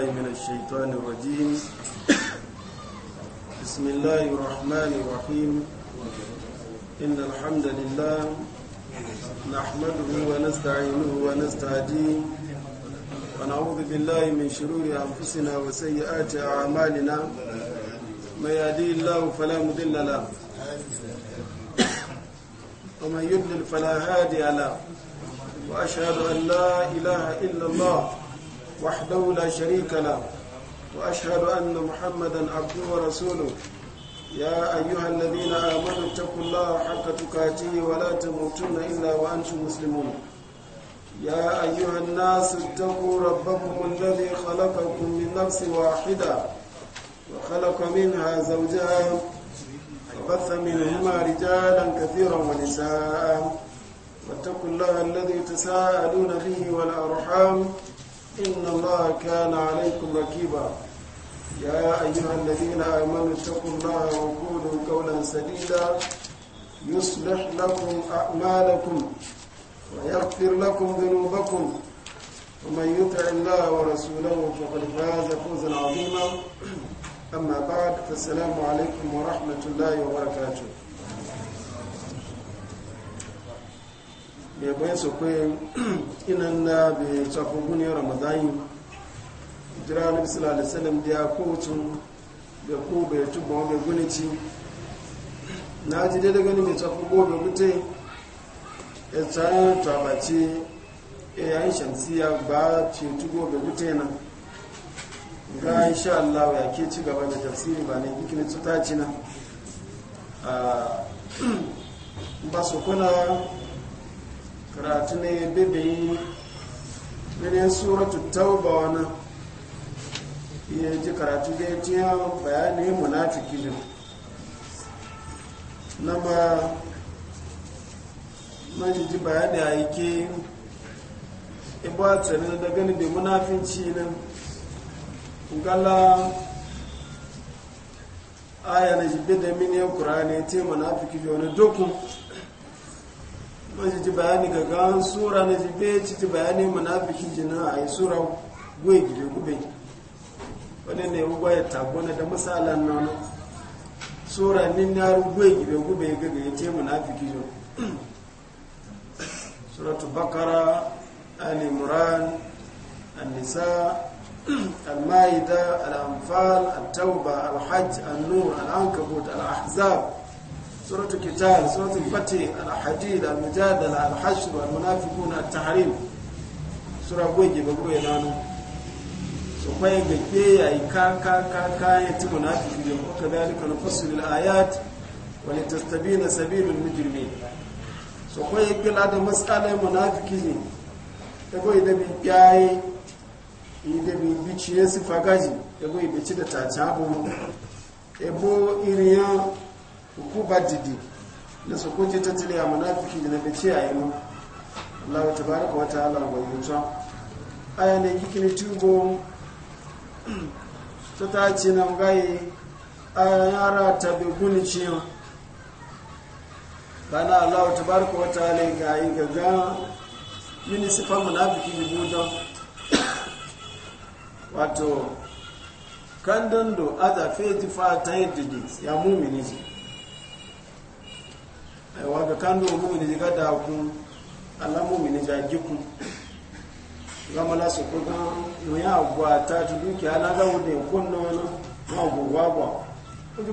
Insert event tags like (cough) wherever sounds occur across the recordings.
بالله من الشيطان الرجيم بسم الله الرحمن الرحيم إن الحمد لله نحمده ونستعينه ونستهديه ونعوذ بالله من شرور أنفسنا وسيئات أعمالنا ما يهدي الله فلا مضل له ومن يضلل فلا هادي له وأشهد أن لا إله إلا الله وحده لا شريك له وأشهد أن محمدا عبده ورسوله يا أيها الذين آمنوا اتقوا الله حق تقاته ولا تموتن إلا وأنتم مسلمون يا أيها الناس اتقوا ربكم الذي خلقكم من نفس واحدة وخلق منها زوجها وبث منهما رجالا كثيرا ونساء واتقوا الله الذي تساءلون به والأرحام إن الله كان عليكم ركيبا يا أيها الذين آمنوا اتقوا الله وقولوا قولا سديدا يصلح لكم أعمالكم ويغفر لكم ذنوبكم ومن يطع الله ورسوله فقد فاز فوزا عظيما أما بعد فالسلام عليكم ورحمة الله وبركاته bai bayan su kwe inan na bai cafin guni ramadani jira na bisala da salim da ya kowacin da ko bai tuba wa bai guni ci na ji daidai gani mai cafin gobe mutu ya tsayin tabaci ya yayin shamsiya ba ce tuba bai mutu yana ga insha Allah ya ke ci gaba da tafsiri ba ne ikini tuta ci na ah, (clears throat) ba su kuna karatu ne bibiyi mene suratu tauba wani iya ji karatu da ya tiya bayani munafiki ne na ma maji ji bayani a yake ibuwa ne da gani da munafinci ne, gala aya na jibe da mini ya kura ne te munafiki ne dokun majiji bayani ga gawan sura na jibe ciki bayani munafiki jina a yi sura goyi gide gube wani ne ugwa ya tabbona da misalan nan sura ni na goyi gide gube ya gaga ya ce munafiki jo suratu bakara ali imran Anisa, nisa al-maida al-anfal at-tauba al-ankabut al-ahzab سورة الكتاب سورة الفتح الحديد المجادلة الحشر المنافقون التحريم سورة قوية بوجي بقوي لانا سوفاي كان كان كان كا كا يتمنافقون وكذلك نفصل الآيات ولتستبين سبيل المجرمين سوفاي بلا ده مسألة منافقين تقول إذا بيجاي ide bi biciye sifagaji ego ibeci da tace abu ebo iriyan ku ba didi da su kunci tattali a munafiki da na bace a yi mun Allah wa tabaraka wa ta'ala wa yuta aya ne kikini tubo ta ta ce na gaye aya yara ta bi guni ce bana Allah wa tabaraka wa ta'ala ga yi gaga minisifan munafiki bi budan wato kandando aza feti fa ta yi didi ya mumini ji waga kando mumini diga da ku Allah mumini ja giku gama la su kuga no ya gwa ta ji duki ala ga wude kunno no ma go gwa gwa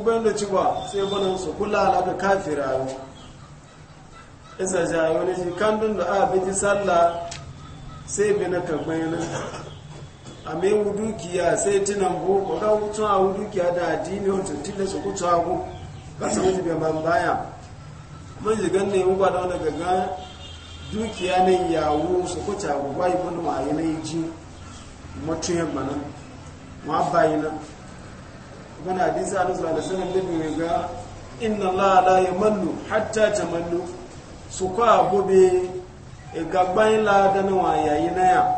bayan da ci gwa sai bana su kula ala ga kafira yo isa ja yo ne ji kan do a bi sallah sai bi na kagbana a mai wudukiya sai tinan bu ko ga wutu a wudukiya da addini wato tilasu kutu agu kasan wuce bai baya man ji ganne mu ba da wani gaga dukiya ne yawo su kuta guba yi wani ma yi nai ji mutum yamma nan ma bayi nan gana hadisi a nasu da sanar da mai ga inna la la ya mallu hatta ta mallu su kwa abubuwa e igagbayin ladan wa yi na ya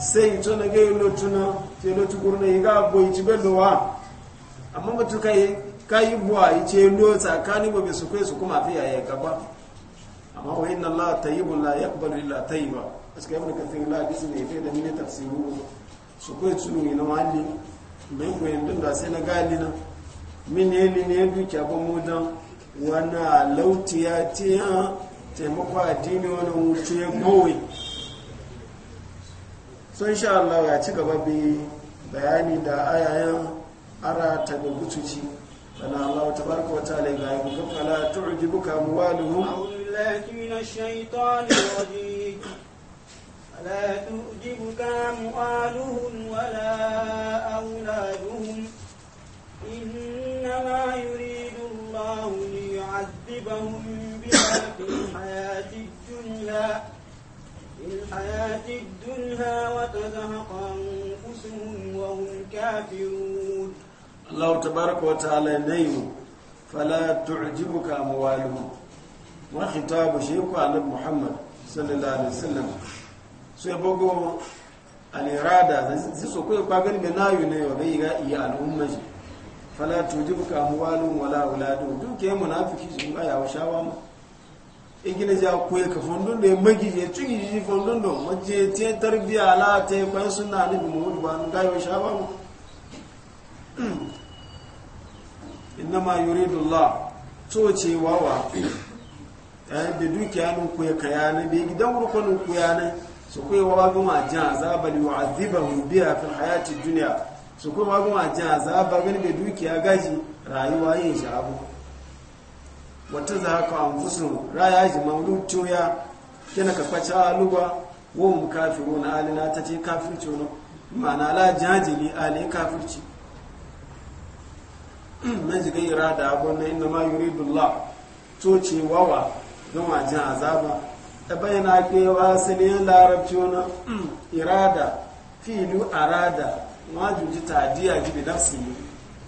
sai ito na ga yi lotuna ke lotu gurna yi ga abubuwa ci bello wa amma matuka yi kai buwa ce lo tsakani ba bai su kai su kuma fi ya gaba amma wa inna allaha tayyibun la yaqbalu illa tayyiba aska ibn kathir la disi ne fa da min tafsiru su kai tsulu ne na wali mai koyin din da sai na gali na min ne ne ne dukiya ba mu dan wana lautiya tiya taimako dini wani wuce ya gowe so insha Allah ya ci gaba bi bayani da ayayen ara ta da gutuci قال الله تبارك وتعالى يقول فلا تعجبك أموالهم أعوذ بالله من الشيطان الرجيم فلا تعجبك أموالهم ولا أولادهم إنما يريد الله ليعذبهم بها في الحياة الدنيا في الحياة الدنيا وتزهق أنفسهم وهم كافرون Allah tabaraka wa ta'ala nayu fala tu'jibuka amwaluhum wa khitabu shaykh Annabi Muhammad sallallahu alaihi wasallam sai bogo al-irada zai so ko ba gani na nayu ne wa ga iya al'umma ji fala tu'jibuka amwaluhum wala auladuhum duke munafiki jin aya wa shawa mu igina e ja koye ka fondon da magi je tuyi ji fondon do maje te tarbiya la te kwan sunna ni mu ba ga yo shawa mu innama yuridullah to ce wawa eh dukiya nun ku ya kaya ne be gidan ku nun ku ya ne su ku yi, wawa goma jin azaba li yu'adhibahu biha fi hayati dunya su ku wawa goma jin azaba gani be dukiya gaji rayuwa yin shi abu wata za ka anfusu raya ji mamlutu ya kina ka kwace aluwa wa mukafiruna alina ta ce kafirci Ma ma'ana la jajili alin kafirci (clears throat) man jiga irada na inna ma yuridullah to coci wawa don wajen azaba ta bayyana kewa asalin larabci wani (clears throat) irada filu arada wajuji tadiya jibi nafsi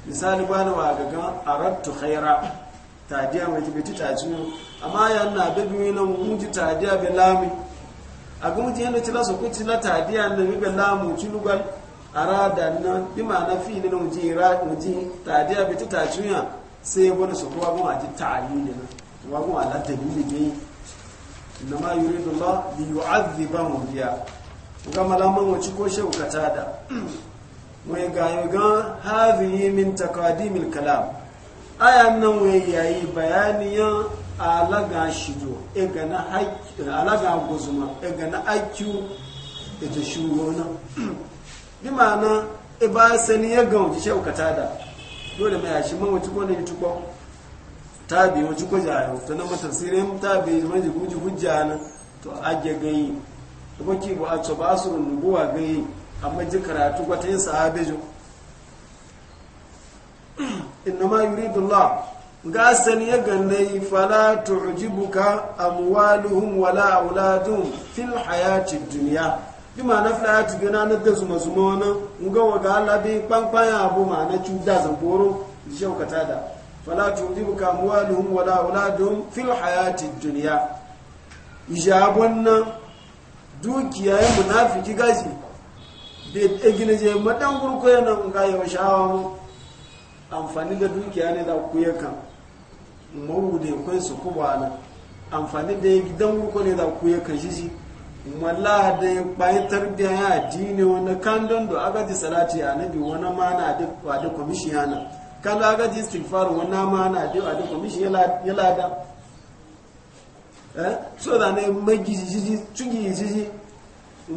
misali bani wa a arattu khaira tadiya mai jibi titaci ne amma yana bibi na muji tadiya bi lami a gumuji yana cila su kuci na tadiya na bibi lamu ci lugal arada na bi fi ne na muji ra muji tadiya bi ta tajuya sai wani su kuma kuma ji ne na kuma kuma ala dalili ne inna ma yuridu Allah li yu'adhibahum biya kuma malaman wace ko shehu da wai (clears throat) ga ga hadhihi min taqadim al-kalam ayan nan wai yayi bayaniyan alaga shido e ga na haƙƙi alaga gozuma e ga na haƙƙi ita shugona bi ma'ana e ba sani ya ga wuce shehu da dole mai yashi man wuce kone yi tukwa tabi wuce ko jayo to na matafsirin tabi mai guji hujja na to age gayi da baki bu a tsoba su rungowa gayi amma ji karatu wata yin sahabe (clears throat) inna ma yuridullah ga sani ya ganne fala tu'jibuka amwaluhum wala auladuhum fil hayati dunya bi ma na fila ya ti na na gazu masu mawana nga wa ga Allah bi kwankwan ya abu ma na cuta zamboro shaukata da fala tudibu ka muwaluhum wala auladum fil hayati dunya ijabon nan dukiya ya munafiki gashi da gina je madan gurko yana ga yau shawa mu amfani da dukiya ne da ku yakan mawu da kai su kubana amfani da gidan gurko ne da ku yakan shi shi malla da bayan tarbiya ya ne wani kandon da agaji salati ya nabi wani na a da kwamishiyana kan da agaji istighfar wani na a da kwamishi ya lada eh? so da ne magi jiji tugi jiji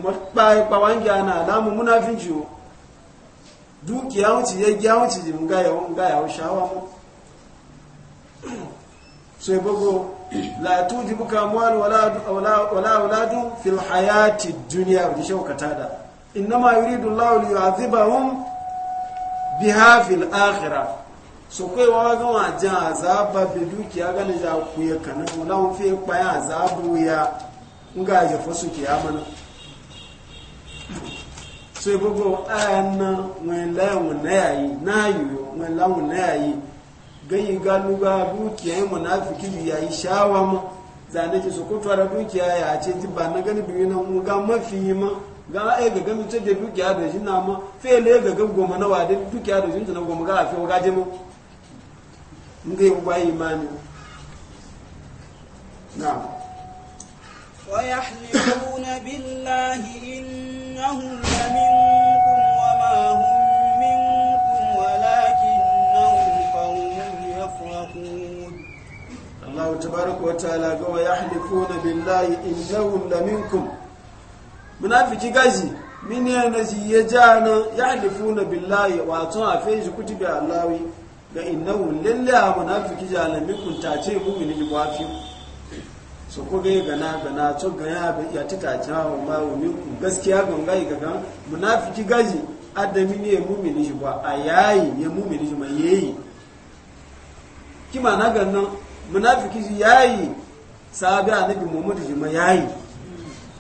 mafi bawangi ana alamu munafin duki dukiya wuce ya gya wuce jim gaya wun gaya shawa mu so ya la tujibuka amwalu wala wala wala auladu fil hayati dunya bi shawkatada inma yuridu Allahu liyu'adhibahum biha fil akhirah so kai wa ga wa azaba bi dukiya ga ja ku ya kana wala fi pa ya azabu ya nga ya fasu kiyama so gbogbo ana wen la wen na yayi na yi wen la wen na gayi ganu ga dukiya munafiki ya yi shawa ma zane ki sokoto da dukiya ya ce ji ba na gani biyu na ga mafi ma ga ai ga gami ce da dukiya da shi na ma fele ga ga goma na wa dukiya da shi na goma ga afi ga je mu ngai wa ويحلفون بالله إنهم لمنكم Allah tabaraka wa ta'ala ga wa yahlifuna billahi in innahum minkum munafiki gaji min ya naji ya jana yahlifuna billahi wa to a afi ji kutibi Allahi ga innahu lillahi munafiki jana minkum ta ce mu mu'mini ji wafi so ko ga gana gana to ga ya bi ya tita jawo ma minkum gaskiya gongai ga munafiki gaji adami ne mu mu'mini ji ba ayayi ne mu mu'mini ji mai yayi kima na ganna munafiki ji yayi sahabi annabi muhammadu ji ma yayi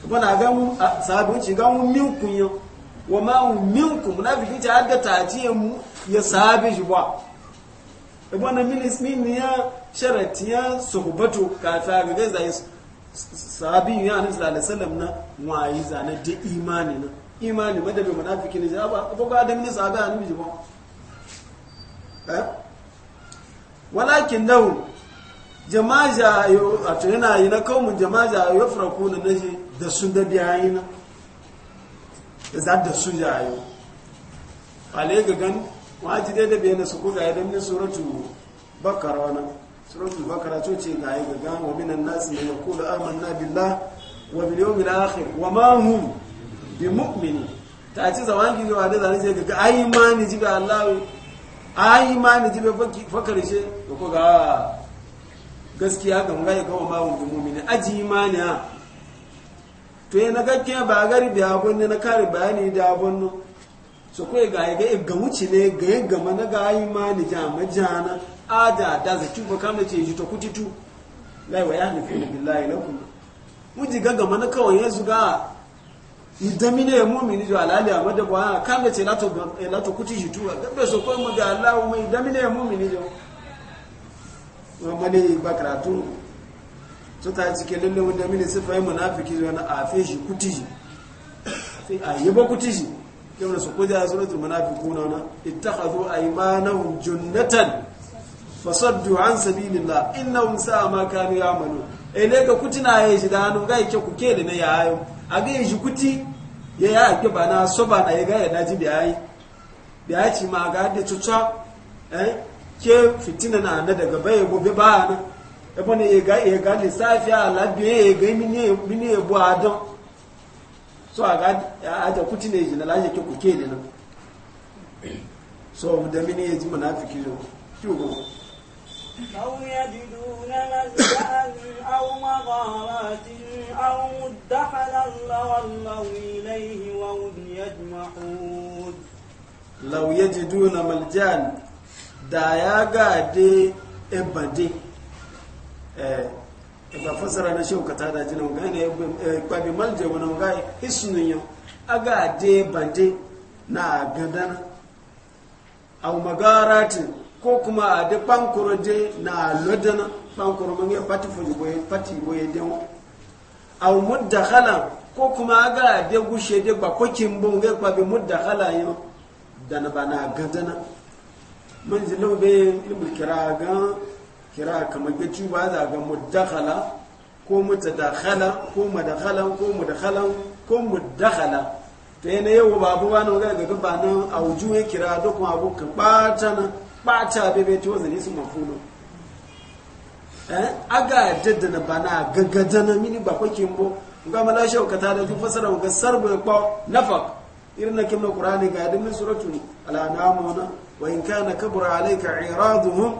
bana ga mu sahabi ci ga mu minkun yo wa ma mu minkun munafiki ji ga tajiye mu ya sahabi ji ba bana n'a min ya sharati ya suhbatu ka ta ga zai sahabi ya annabi sallallahu alaihi wasallam na wayi zana da imani na imani madabi munafiki ne ja ba ko ga da minis sahabi annabi ji ba eh walakin lahum jama'a jayo a to yana yi na kawun jama'a ya farko na nashi da sun da yi na da za da su jayo ale ga gan waji dai da na su kuga idan ne suratu bakara wani suratu bakara to ce ga ga gan wa minan ku da yaqulu amanna billa wa biliyo mila ake wa ma hum bi mu'mini ta ci zawan gi wa da zane ce ga ai ma ji ga Allah ma ni ji ba fakarishe ga ko ga gaskiya kan gaya kawo bawon bi aji imani ha to yana gaskiya ba gari bi abon ne na kare bayani da abon no so ko ga ga ga wuce ne ga gama na ga imani jama jana ada da zaki ba kamar ce ji to kutitu lai wa yahni fi billahi kuma muji ga gama na kawai yanzu ga idamine mumini jo alali amada ba kamar ce lato lato kutitu ga be so ko mu ga Allah mu idamine mumini jo mani ba karatu su ta cike lalle wanda mini sifa yi munafiki zuwa na afe shi kuti shi a yi ba kuti shi yau da su kuje a suratul munafiku na wana ittakhadhu aymanahum junnatan fasaddu an sabilillah innahum sa'a ma kanu ya'malu ele ka kuti na yi shi da hannu ga yake ku ke da na yayo a ga yi shi kuti ya ya ake ba na so ba na ya ga ya daji da yayi da ya ci ma ga da tuta eh ke fitina na na daga baya gobe ba na e ne ya ga ya ga safi ala labiye ya ga mini ne ya adon so a ga a da kuti ne jina laje ke kuke ne nan so mu da mini ya ji fiki zo ki go أو يجدون مزجأ da ya ga de ebade eh ba fasara na shehu kata da jinan ba eh, bi malje wannan ga isunin yo aga de bande na gadan au magaratin ko kuma a de pankoro de na lodana pankoro ya pati fuji boye pati boye de au mudakhala ko kuma aga de gushe de ba kokin ba bi mudakhala yo dana bana gadana man ji laube ilmul kira ga kira kamar gaci ba za ga muddakhala ko mutadakhala ko madakhalan ko mudakhalan ko muddakhala to yana yau ba abu ba na ga ga ba nan a kira dukkan abu ka bata na bata bebe to zani su mafulo eh aga na bana gagadana mini ba kwakin bo ga mala shaukata da duk fasara gasar sarbu ya kwa irna kimna qur'ani ga yadin suratul al-anamuna wa in kana kabura alayka i'raduhum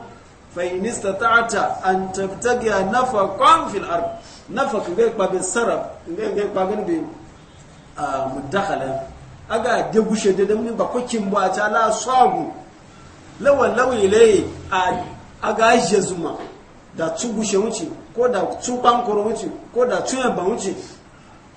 fa in istata'ta an tabtagi nafaqan fil ard nafaq ga ba bin sarab ga ga ba gan bi mudakhala aga je gushe da mun ba kokin ba ta la sabu lawan lawi lay aga jezuma da tugushe wuce ko da tuban koro wuce ko da tuyan ba wuce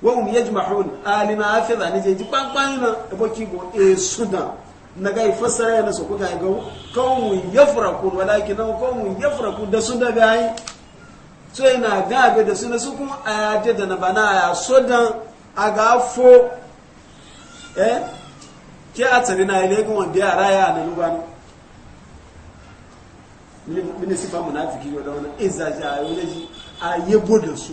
wahum yajma'un alima hafiza ne je ji kwankwan na aboki go e sudan na ga fassara yana so kuka ga kawun yafraku walakin na kawun yafraku da sudan bai so yana gabe da suna su kuma ayaje da na bana ya sudan aga fo eh ke atani na ile gun wanda ya raya na lubani min sifa munafiki yo wani wannan izaja yo a yebo da su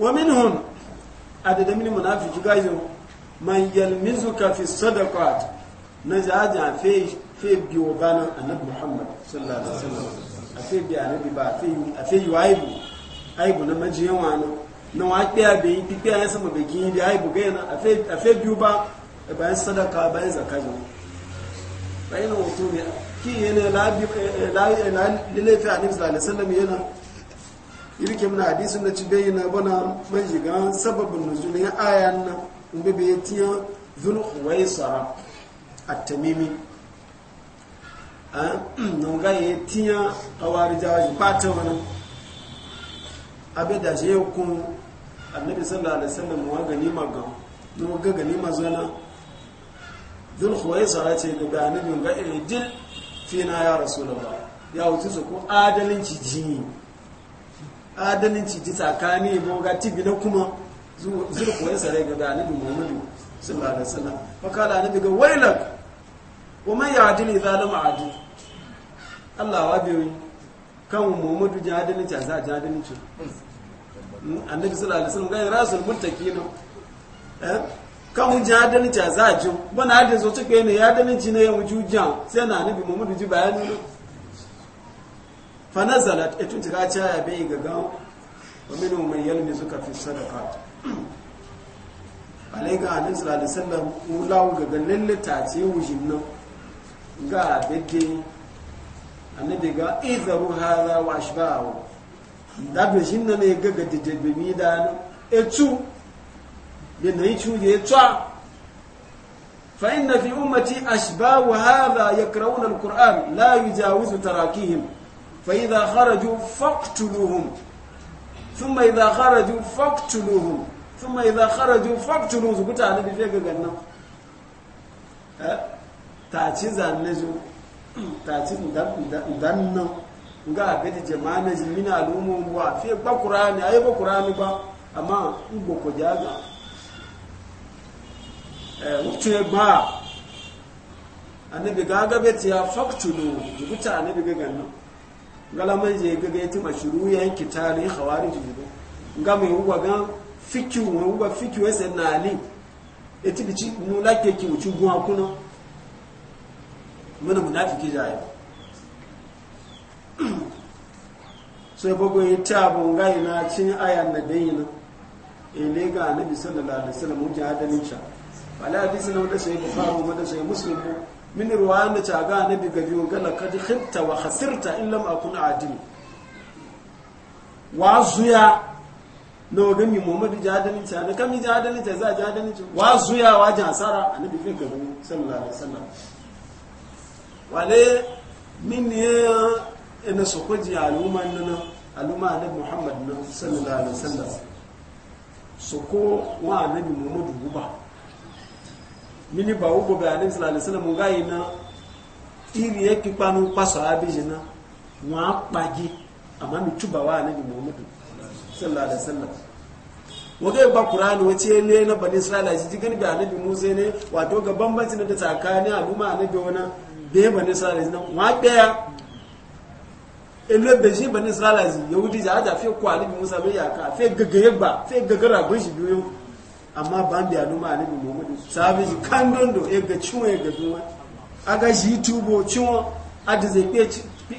wa minhum adada munafiki gayo man yalmizuka fi sadaqat a fe bi eh, eh, eh, yirke muna hadisin na ci na bana mai shiga sababin nuzulin ayan na in bai tiya kuwai huwaisa a tamimi a ah, mm, nan ga ya tiya a wari jawaji bata wani abin da shi yau kun annabi sallallahu alaihi wasallam wa ganima ga no ga ganima zana zun huwaisa ce da annabi ga idil eh, fina ya rasulullah ya wuce su ko adalin jini adalci ji tsakani bo ga tibi na kuma zuru ya sare ga anabi muhammadu sallallahu alaihi wasallam kala anabi ga wailak wa man ya'dili zalama adi Allah wa biyu kan muhammadu ji adalci za ji adalci hmm, annabi sallallahu alaihi wasallam ga rasul muttaqin eh kan ji a za ji bana adalci zo take ne ya ci ne ya wujujan sai na annabi muhammadu ji bayani fanazalat etu tiga ya bai ga gawo wa mai yalmi suka fi sadaka a annabi sallallahu alaihi wasallam ulawu ga lalle ta wujin nan ga bidde annabi daga izaru hadha wa ashbahu da shi nan ya ga ga dide be mi da Ya etu be nayi chu ya twa fa inna fi ummati ashbahu hadha yaqra'una alquran la yujawizu tarakihim فإذا خرجوا فاقتلوهم ثم إذا خرجوا فاقتلوهم ثم إذا خرجوا فاقتلوهم سكوت على دي فيك غنم تاتي زالنجو تاتي دنن nga abedi jamana jimina alumu mbwa fie ba Qur'ani ayo ba Qur'ani ba ama ngbo ko jaga eh wuce ba annabi gaga beti ya faktulu dubuta annabi gaga galaman je gaga yati mashuru yan kitari khawarij jibo nga mai wuga ga fikiu mai uwa fikiu ese na ali eti bici nula ke ki uchu gwa kuna mana munafiki jaye (clears throat) sai bago yi tabo nga ina cin ayan na dayina ele ga annabi sallallahu alaihi wasallam mujahadanin cha wala hadisi na wanda sai bukhari wanda sai muslim min ruwayan da caga na biyu gala kaji khibta wa hasirta in lam akun adil wa zuya no ga mi muhammadu jadalin ta da kami jadalin ta za jadalin ta wa zuya wa jasara annabi fin ga sallallahu alaihi wasallam wale min ne ina su kuji al'umma nan al'umma annabi muhammad sallallahu alaihi wasallam su ko wa annabi muhammadu guba mini ba wugo be alayhi sallallahu alaihi wasallam na iri yake panu paso abiji na wa paji amma mi tuba wa annabi muhammadu sallallahu alaihi wasallam waga ba qur'ani wace ne na bani isra'ila ji gani bi annabi musa ne to ga bambanci na ka da tsakanin al'umma annabi wana be bani isra'ila na wa daya ele beji bani isra'ila yahudi ja ja fe ko annabi musa be ya ka fe gagaye ba fe gagara gun shi biyo amma ban biya numa annabi muhammadu sabi ji kan dondo ya ga ciwo ya ga zuwa a ga shi tubo ciwo a da zai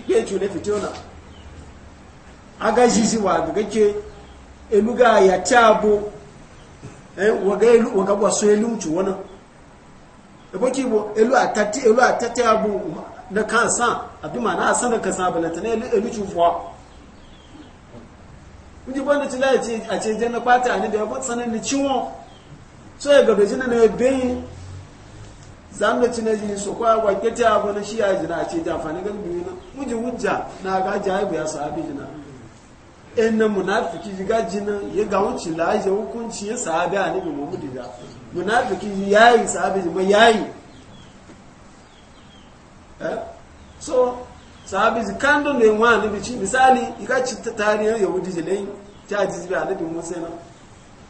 kpe ciwo na fitona a ga shi shi wa ga gake eluga ya tabo eh, waga gwaso ya lucu wani eboki bo elu atati elu atati abu na kansa abi ma na san da kansa balanta ne elu elu chufuwa Ndi banda tilaya ce a ce na fata ne da ya sanin da ciwon so ya gabe jina ne bin zan da cina jini so kwa wake ta abu na shi ya jina a ce ta amfani gan biyu na muji hujja na ga bu ya abi jina in na munafiki ga jina ya ga wuce laje hukunci ya abi a mu muhammadu da munafiki ya yi abi jima ya yi eh? so kando ne da yin wani ci misali ya ka ci ta tarihin yahudi jilai ta jizbi a bi musa na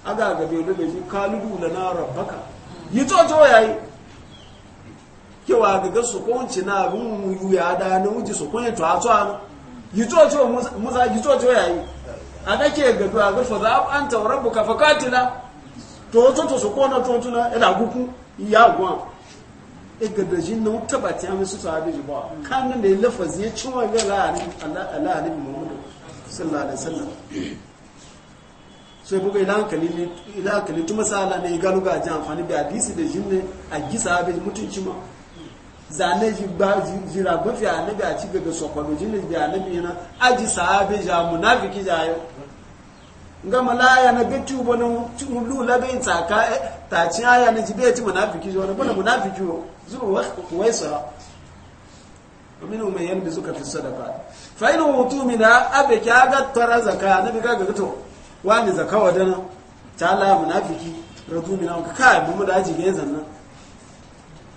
aga ga bai lube shi kalubu da na rabbaka yi tsoto ya yi kewa ga ga su na abin ya da na wuce su kwanci to a tsoa yi tsoto musa yi tsoto ya yi a nake ga ga ga fa za an ta rabbuka fa katila to to su kona to guku ya gwa e ga da jin nan taba bati mi su sahabi ji ba kan nan da lafazi ya cinwa ga Allah Allah sallallahu alaihi wasallam so ya buga ila hankali tu masala ne gano ga ji amfani da hadisi da jini a gisa abin mutunci ma zane ji ba jira rabin a nabi a cikin ga sokwado jinne bi nabi yana aji sahabe ja munafiki ja yo nga malaya na bitu bono tumulu la bin tsaka eh, ta ci aya na ji beti munafiki jo na bono munafiki jo zuru wa kuwaisa ومنهم من يلبسك في الصدقات فإنه وطو mina أبك أغا ترى زكاة نبي كاغا gato. wani zaka wadana ta Allah munafiki radu min ka kai mu da aji yanzu nan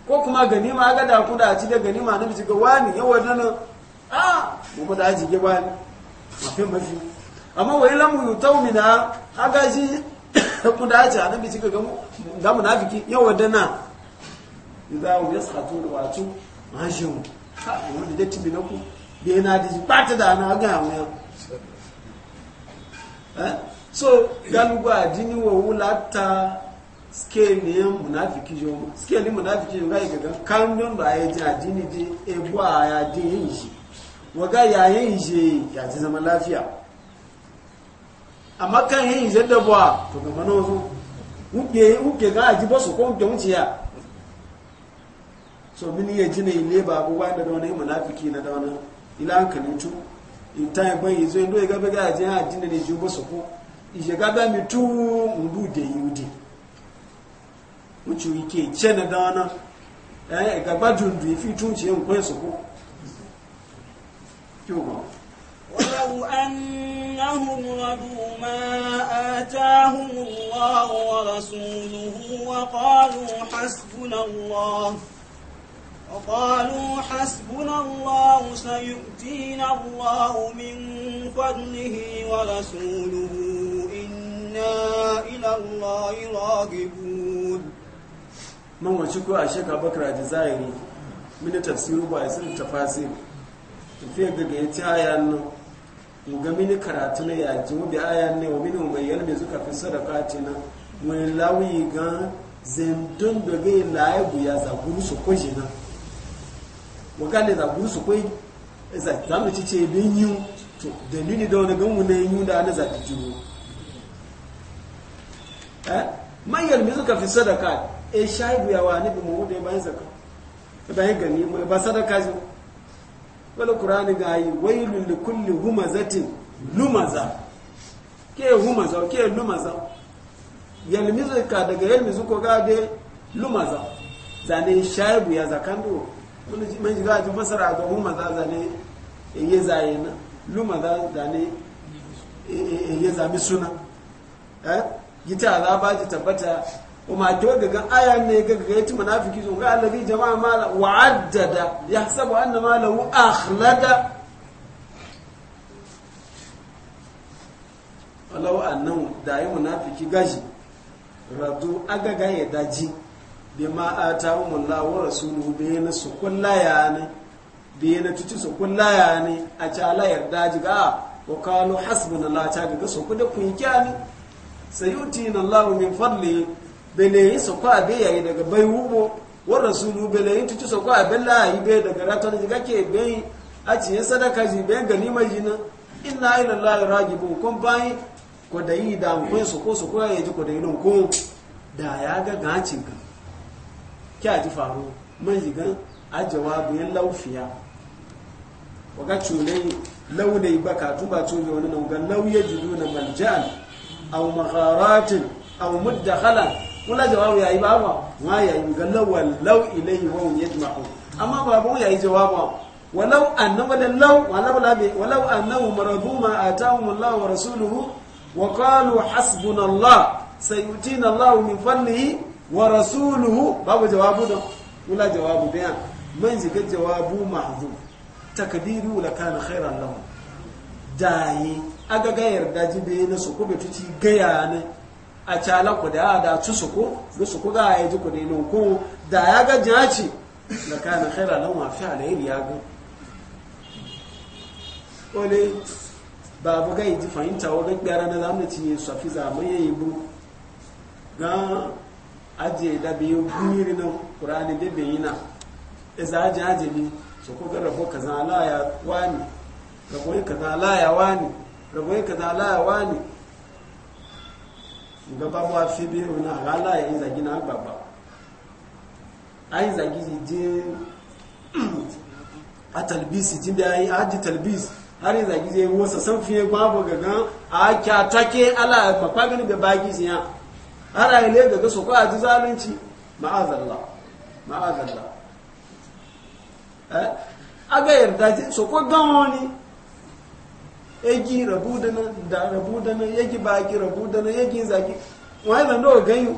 ko kuma ganima ga da ku da ci da ganima na bi ga wani ya wadana a mu da aji wani mafi mafi amma wai lamu (coughs) a ga ji ku da aji na bici ga ga munafiki ya wadana idza hum yaskhatu wa tu mahjum ha mu da tibi na ku da na da ba ta da na ga mu eh so galugu adini wo wulata scale ye munafiki jo scale munafiki jo gai gaga kandon da ya ji adini ji ebu a ya ji yin shi waga ya yin shi ya ji zama lafiya amma kan yin shi da buwa to ga manozo uke uke ga aji ba su ko da wuciya so mini ya ji ne ile ba abubuwa da wani munafiki na da wani ila hankalin tu in ta yi bayi zo ndo ya gaba ga ajiyar ajiyar ne ji ba su ko bẹ́ mi tún ìlúdè ìlúdè ojú ike ìṣẹ́nà dáná ẹ̀gbàgbájú ìlú ìfi tún ṣe ń pẹ́ kí o mọ̀ ولو أنهم رضوا ما آتاهم الله ورسوله وقالوا حسبنا الله وقالوا حسبنا الله سيؤتينا الله من فضله ورسوله إنا إلى الله راغبون من وشكو أشيك بكرة جزائري من تفسير بأسر التفاسير tafiya daga ya ci ayan nan ga mini karatu na ya ji mu bi ayan ne wa mai yalme suka fi sadaka ce nan wani lawi gan zendon daga yi laye buya zaguru su zaguru su bin yi to dalili da wani gan wani yi da ana zaki jiro Eh? man yalmizuka fi sadaka e shahidu ya wani bi mu da bayan zakka e, bayan gani mu ba sadaka ji wala qur'ani ga yi wailul likulli humazatin lumaza ke humaza ke lumaza yalmizuka daga yal yalmizuka ga de lumaza zane shahidu ya zakando wani man jiga ji masara ga humaza zane eye zayena lumaza zane eye e, e zami suna eh gita ba ta tabbata kuma to gaga ayan ne ga yatim munafiki zo ga allazi jama'a mala wa'addada yahsabu anna malahu akhlada Allah annan da yi munafiki gashi radu ga ya daji bi ma la wa rasulu bi na su kullaya ne bi na tuci su kullaya ne a la yarda ji ga wa qalu hasbunallahu ta gaga su kuda kun kyani na Allah min fadli beleyin su kwa be yayi daga bai wubo wa rasulu beleyin tuci su kwa be la yi be daga ratar ji ke be a ciye sadaka ji be ganima ji na inna ila Allah rajibu kun bai ko da yi da kun su ko su ko yaji ko da yi don da ya ga gancin ka kya ji faru man jigan gan a jawabu yan laufiya waga cule launai baka tuba cule wani nan ga lauye jiduna maljan aw magharatin aw mudkhala wala jawabu yayi baba ma yayi galla wallau ilayhi wa hum yajma'un amma babu yayi jawaba walau annahu lallahu walau labi walau annahu maradu ma atahum Allah wa rasuluhu wa qalu hasbuna Allah sayutina Allah min fadlihi wa rasuluhu babu jawabu da wala jawabu bayan man jiga jawabu mahdhu takdiru la kana khairan lahum dayi aga ga yarda ji be na suku bai tuci gaya ne a cala ku da da su suku da suku ga ya ji ku ne no ko da ya ga jaci da kana khaira lan wa fi alayhi ya ga ole babu ga ji fahimta wa ga gara na zamani ci su fi ya yi bu ga aje da biyu gumiri na kurani da yi na. iza e aje aje ne. suku ga rabo kaza la wani ga ya wani rabuwai ka da alaya wani ga babu a fi biyu a ga alaya yi zagi na agbagba a yi zagi je a talbisi jin da yi aji talbisi har yi zagi yi wasa san fiye babu gaga a kya kyatake alaya bakwa gani da baki ya har a yi le gaga su kwa a ji zalunci ma'azalla ma'azalla eh, a ga yarda so ko gan wani yagi rabu da nan da rabu da nan yagi baki rabu da nan yagi zaki wani nan dawa ganyo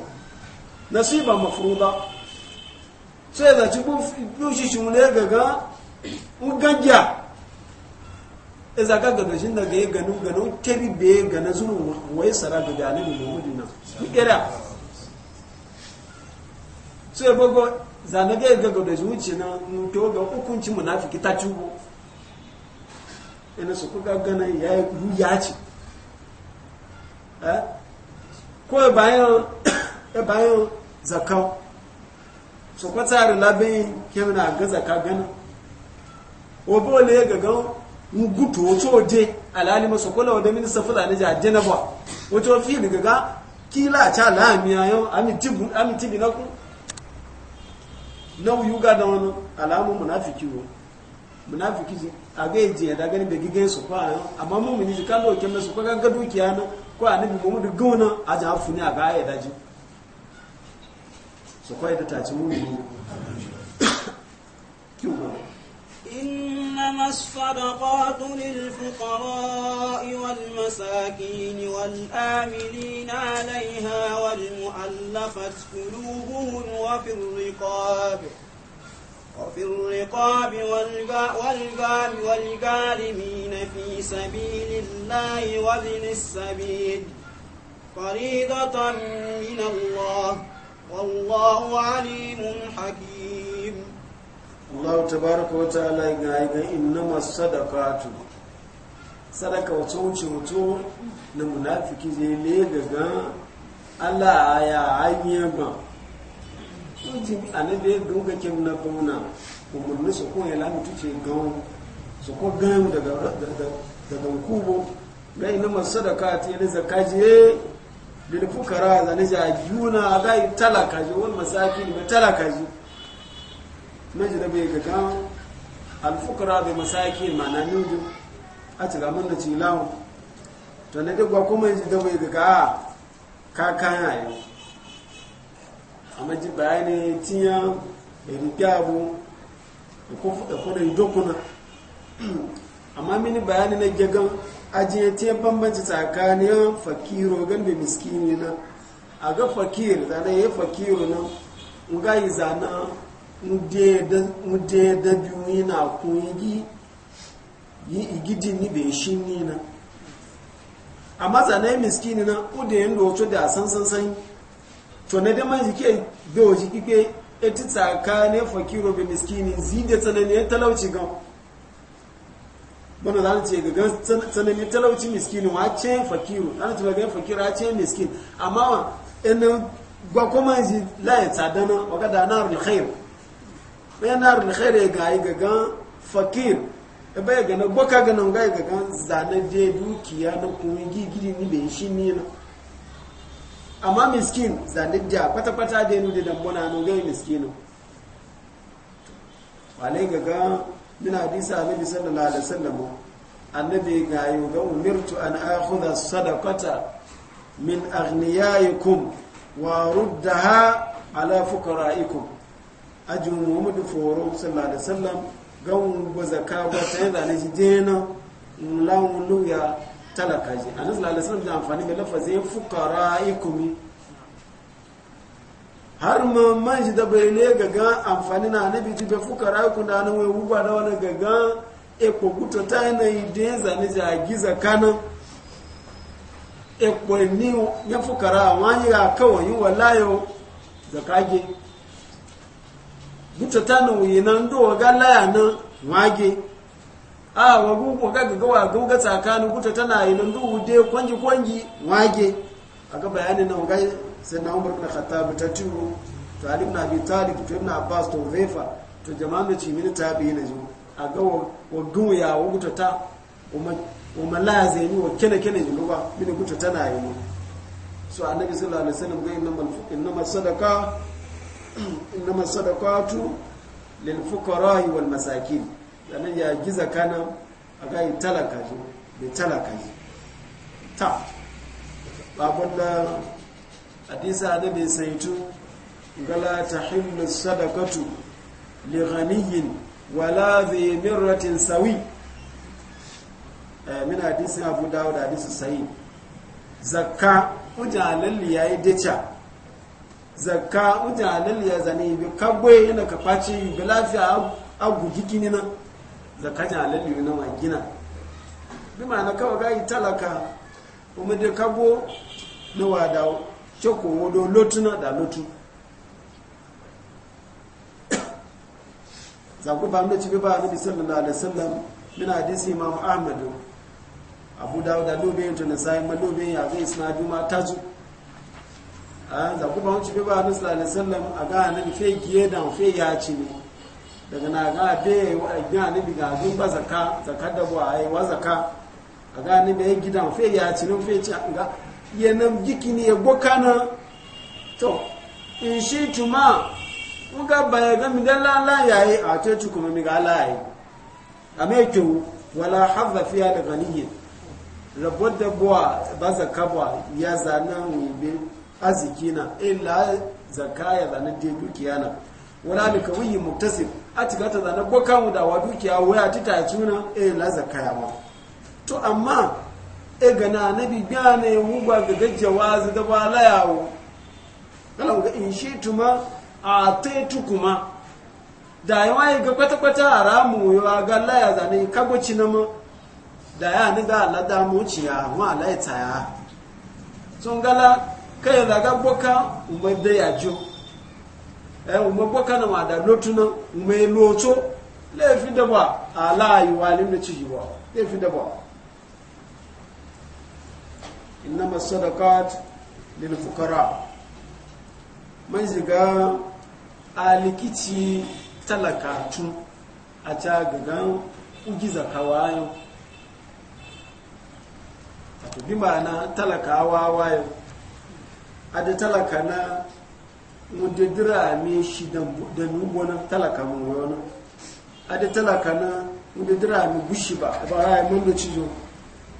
nasiba mafruda sai da ci bushi shi mu ne gaga ugagiya iza e ka gaga da daga yi ganu ganu tebi be gana zuru wai sara da gani da muhammadu nan ikira sai bago zanage gaga da zuci na to ga hukunci munafiki ta cubo ina su kuka gana ya yi ya ce eh? ko bayan zakau su kwa tsari labin kemina ga zaka gana obi wale ya gaga ngutu wato je alali masu kula wadda minista fula na jajen na ba wato fi daga ga kila a ca lamiya yau amitibi na ku na wuyu ga da wani alamun munafiki wani munafiki ji a ga yi jiya da ganin bai gigen su kwa amma mu mini kan lo kemme su kwa ga dukiya na ko annabi muhammadu gauna a jan hafu ne a ga ya daji su kwa da taci mu mu إنما الصدقات للفقراء والمساكين والآملين عليها والمؤلفة قلوبهم وفي الرقاب وفي الرقاب والغار والغارمين في سبيل الله وابن السبيل فريضة من الله والله عليم حكيم الله تبارك وتعالى يقول إنما الصدقات sadaka wato wuce wato na munafiki zai le gaga Allah ya hanyar ba iji anabi ya doga kim na gauna umarni su ko ya lamutu ce gaun su ko gaun daga kubo ga ina masu sadaka ta yana zakaji ya bil fukara zane ja yuna ga yi talaka ji wani masaki ne talaka ji na da bai ga gaun alfukara bai masaki ma na a ci mun da ci lawo to na ah, duk ba kuma ji da bai ga ka kakan ayo amma ji bayani tiya erika abu da idokuna amma mini bayani na gagan ajiye tiya bambanci tsakanin fakiro gan da miskini na a ga fakir zana ya fakiro na nga yi zana mude da biyu na kun yi igidi ni bai shi ni na amma zana miskini na ude yin roto da san san san to na dai man jike bai ya kike tsaka ne fakiro bai miskini zide ya e talauci gan wanda za ce tsanani ya talauci miskini wa ce fakiro za ce gagan fakiro a ce miskin amma in gwa kuma ji layin tsadana wa ga da na rul khair bai na rul khair ga yi gagan fakir e ya bayyana na gwa ka gana ga ga gan zanen dai dukiya na kuma gigiri ni bai shi ni na amma miskin zanen jiya kwata-kwata da yanu da dambuna no gai miskinu walai ga gan muna hadisa annabi sallallahu alaihi wasallam annabi ga yi ga umirtu an akhudha sadaqata min aghniyaikum wa rudda ha ala fuqaraikum mu muhammadu foro sallallahu alaihi wasallam gan go zakka ba sai da ne jena lawun luya talaka ji a sallallahu lalasa da amfani da lafazin fuqara'ikum har ma man shi da ne gaga amfani na annabi ji be fuqara'ikum da nan wai uba da wani gaga e ko guto yi da ya zane a giza kanan e ko ni ya fuqara yi ni ga kawai wallahi zakage guto ta na wi nan do ga laya nan wage a wagu ko ga ga wagu ga tsakanin kuta tana yi nan duhu dai kwangi kwangi wage aka bayanin nan ga sai na umar bin khattab ta tiro to ali ibn abi talib to ibn abbas to zaifa to jama'a da ci mini tabi ne zo aga wagu ya wagu ta ta kuma la zaini wa kene kene ji ruba mini kuta tana yi so annabi sallallahu alaihi wasallam ga innamal innamas sadaqa (clears throat) innamas sadaqatu lil fuqara wal masakin zanen ya giza kanan a gayi talaka shi mai talaka shi ta babban na hadisa da mai saitu gala ta hillu sadakatu li ghaniyin wala zai mirratin sawi eh, min hadisin abu dawo da hadisu sayi zakka ujalalli ya yi dica zakka ujalalli ya zane bi kagwe yana kafaci bi lafiya a gugikini nan zakajan alali na magina bi ma na kawo gayi talaka kuma da kago na wada choko wado lotuna da lotu zaku ba mu ci bi ba nabi sallallahu alaihi wasallam min hadisi imam ahmad abu dawud da lobe yin tunan sai ma lobe ya ga isnadu ma tazu a ah, zaku ba mu ci bi ba nabi sallallahu alaihi wasallam aga nan fe giye dan fe ya ci ne daga na ga be wa gani bi ga zun ba zaka zaka da bu ai wa zaka a ga gani be gidan fe ya ci nan fe ci ga ya nan jiki ne ya goka na to in shi tuma muga ba ya ga mi da la la yayi a ce ci kuma mi ga la A me ke wala hadda fiya da ganiyyi rabo da bo ba zaka bu ya zana wi be azikina illa zakaya ya zana dukiya na wala bi kawiyin muktasib a cika ta zane ko kamu da wa dukiya waya ta ta tuna e la zakaya ma to amma e gana na bi gane mu ba ga gajjawa zu da ba la yawo kala ga in shi tuma a taitu kuma da yawa ga kwata kwata haramu yawa ga la ya zane kagoci na ma da ya ni ga la da mu ma la ya tsaya sun gala kai daga boka umar da ya jo Eh, umar baka na wada lotuna mai loto laifin da ba a la'ayi walin da ciki ba laifin da ba inna masadakat lil fukara man ziga alikiti likici talakatu a ta gagan ugiza kawayo wato bi ma'ana talakawa wayo a da talaka na mudadira me shi da nubu wani talaka mun wani adi talaka na mudadira me gushi ba ba ya mun da cizo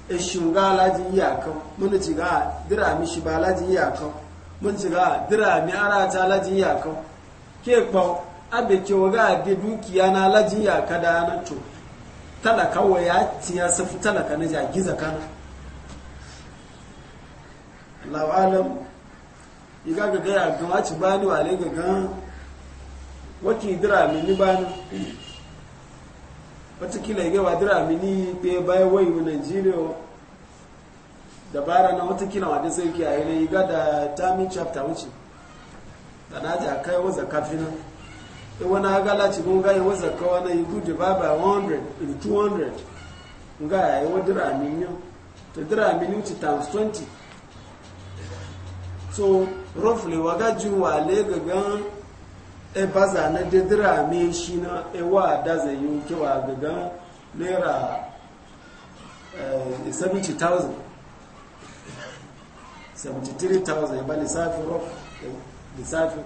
e shi ga alaji iyaka mun da ciga dira me shi ba alaji iyaka mun a dira me ara ta alaji iyaka ke kwa abe ke waga adi dukiya na alaji iyaka da na to talaka wa ya tiya safu talaka na jagiza kana Allahu alam iga ga gaya gama ci bani wale ga gan wata idira mini bani wata kila iga wa dira mini pe bayan wai wa nigeria dabara na watakila wadda sai ki a yi iga da tami chapter wuce da na ji a kai waza kafina iwa na e agala ci gun gaya waza kawa na igu dibaba 100 200 nga ya yi wa dira mini to dira mini wuce times 20 so roughly waga wa le gagan e baza na didira me shi na e wa da zai yi kewa gagan naira 70,000 eh, 73,000 ba lissafi rough eh, lissafi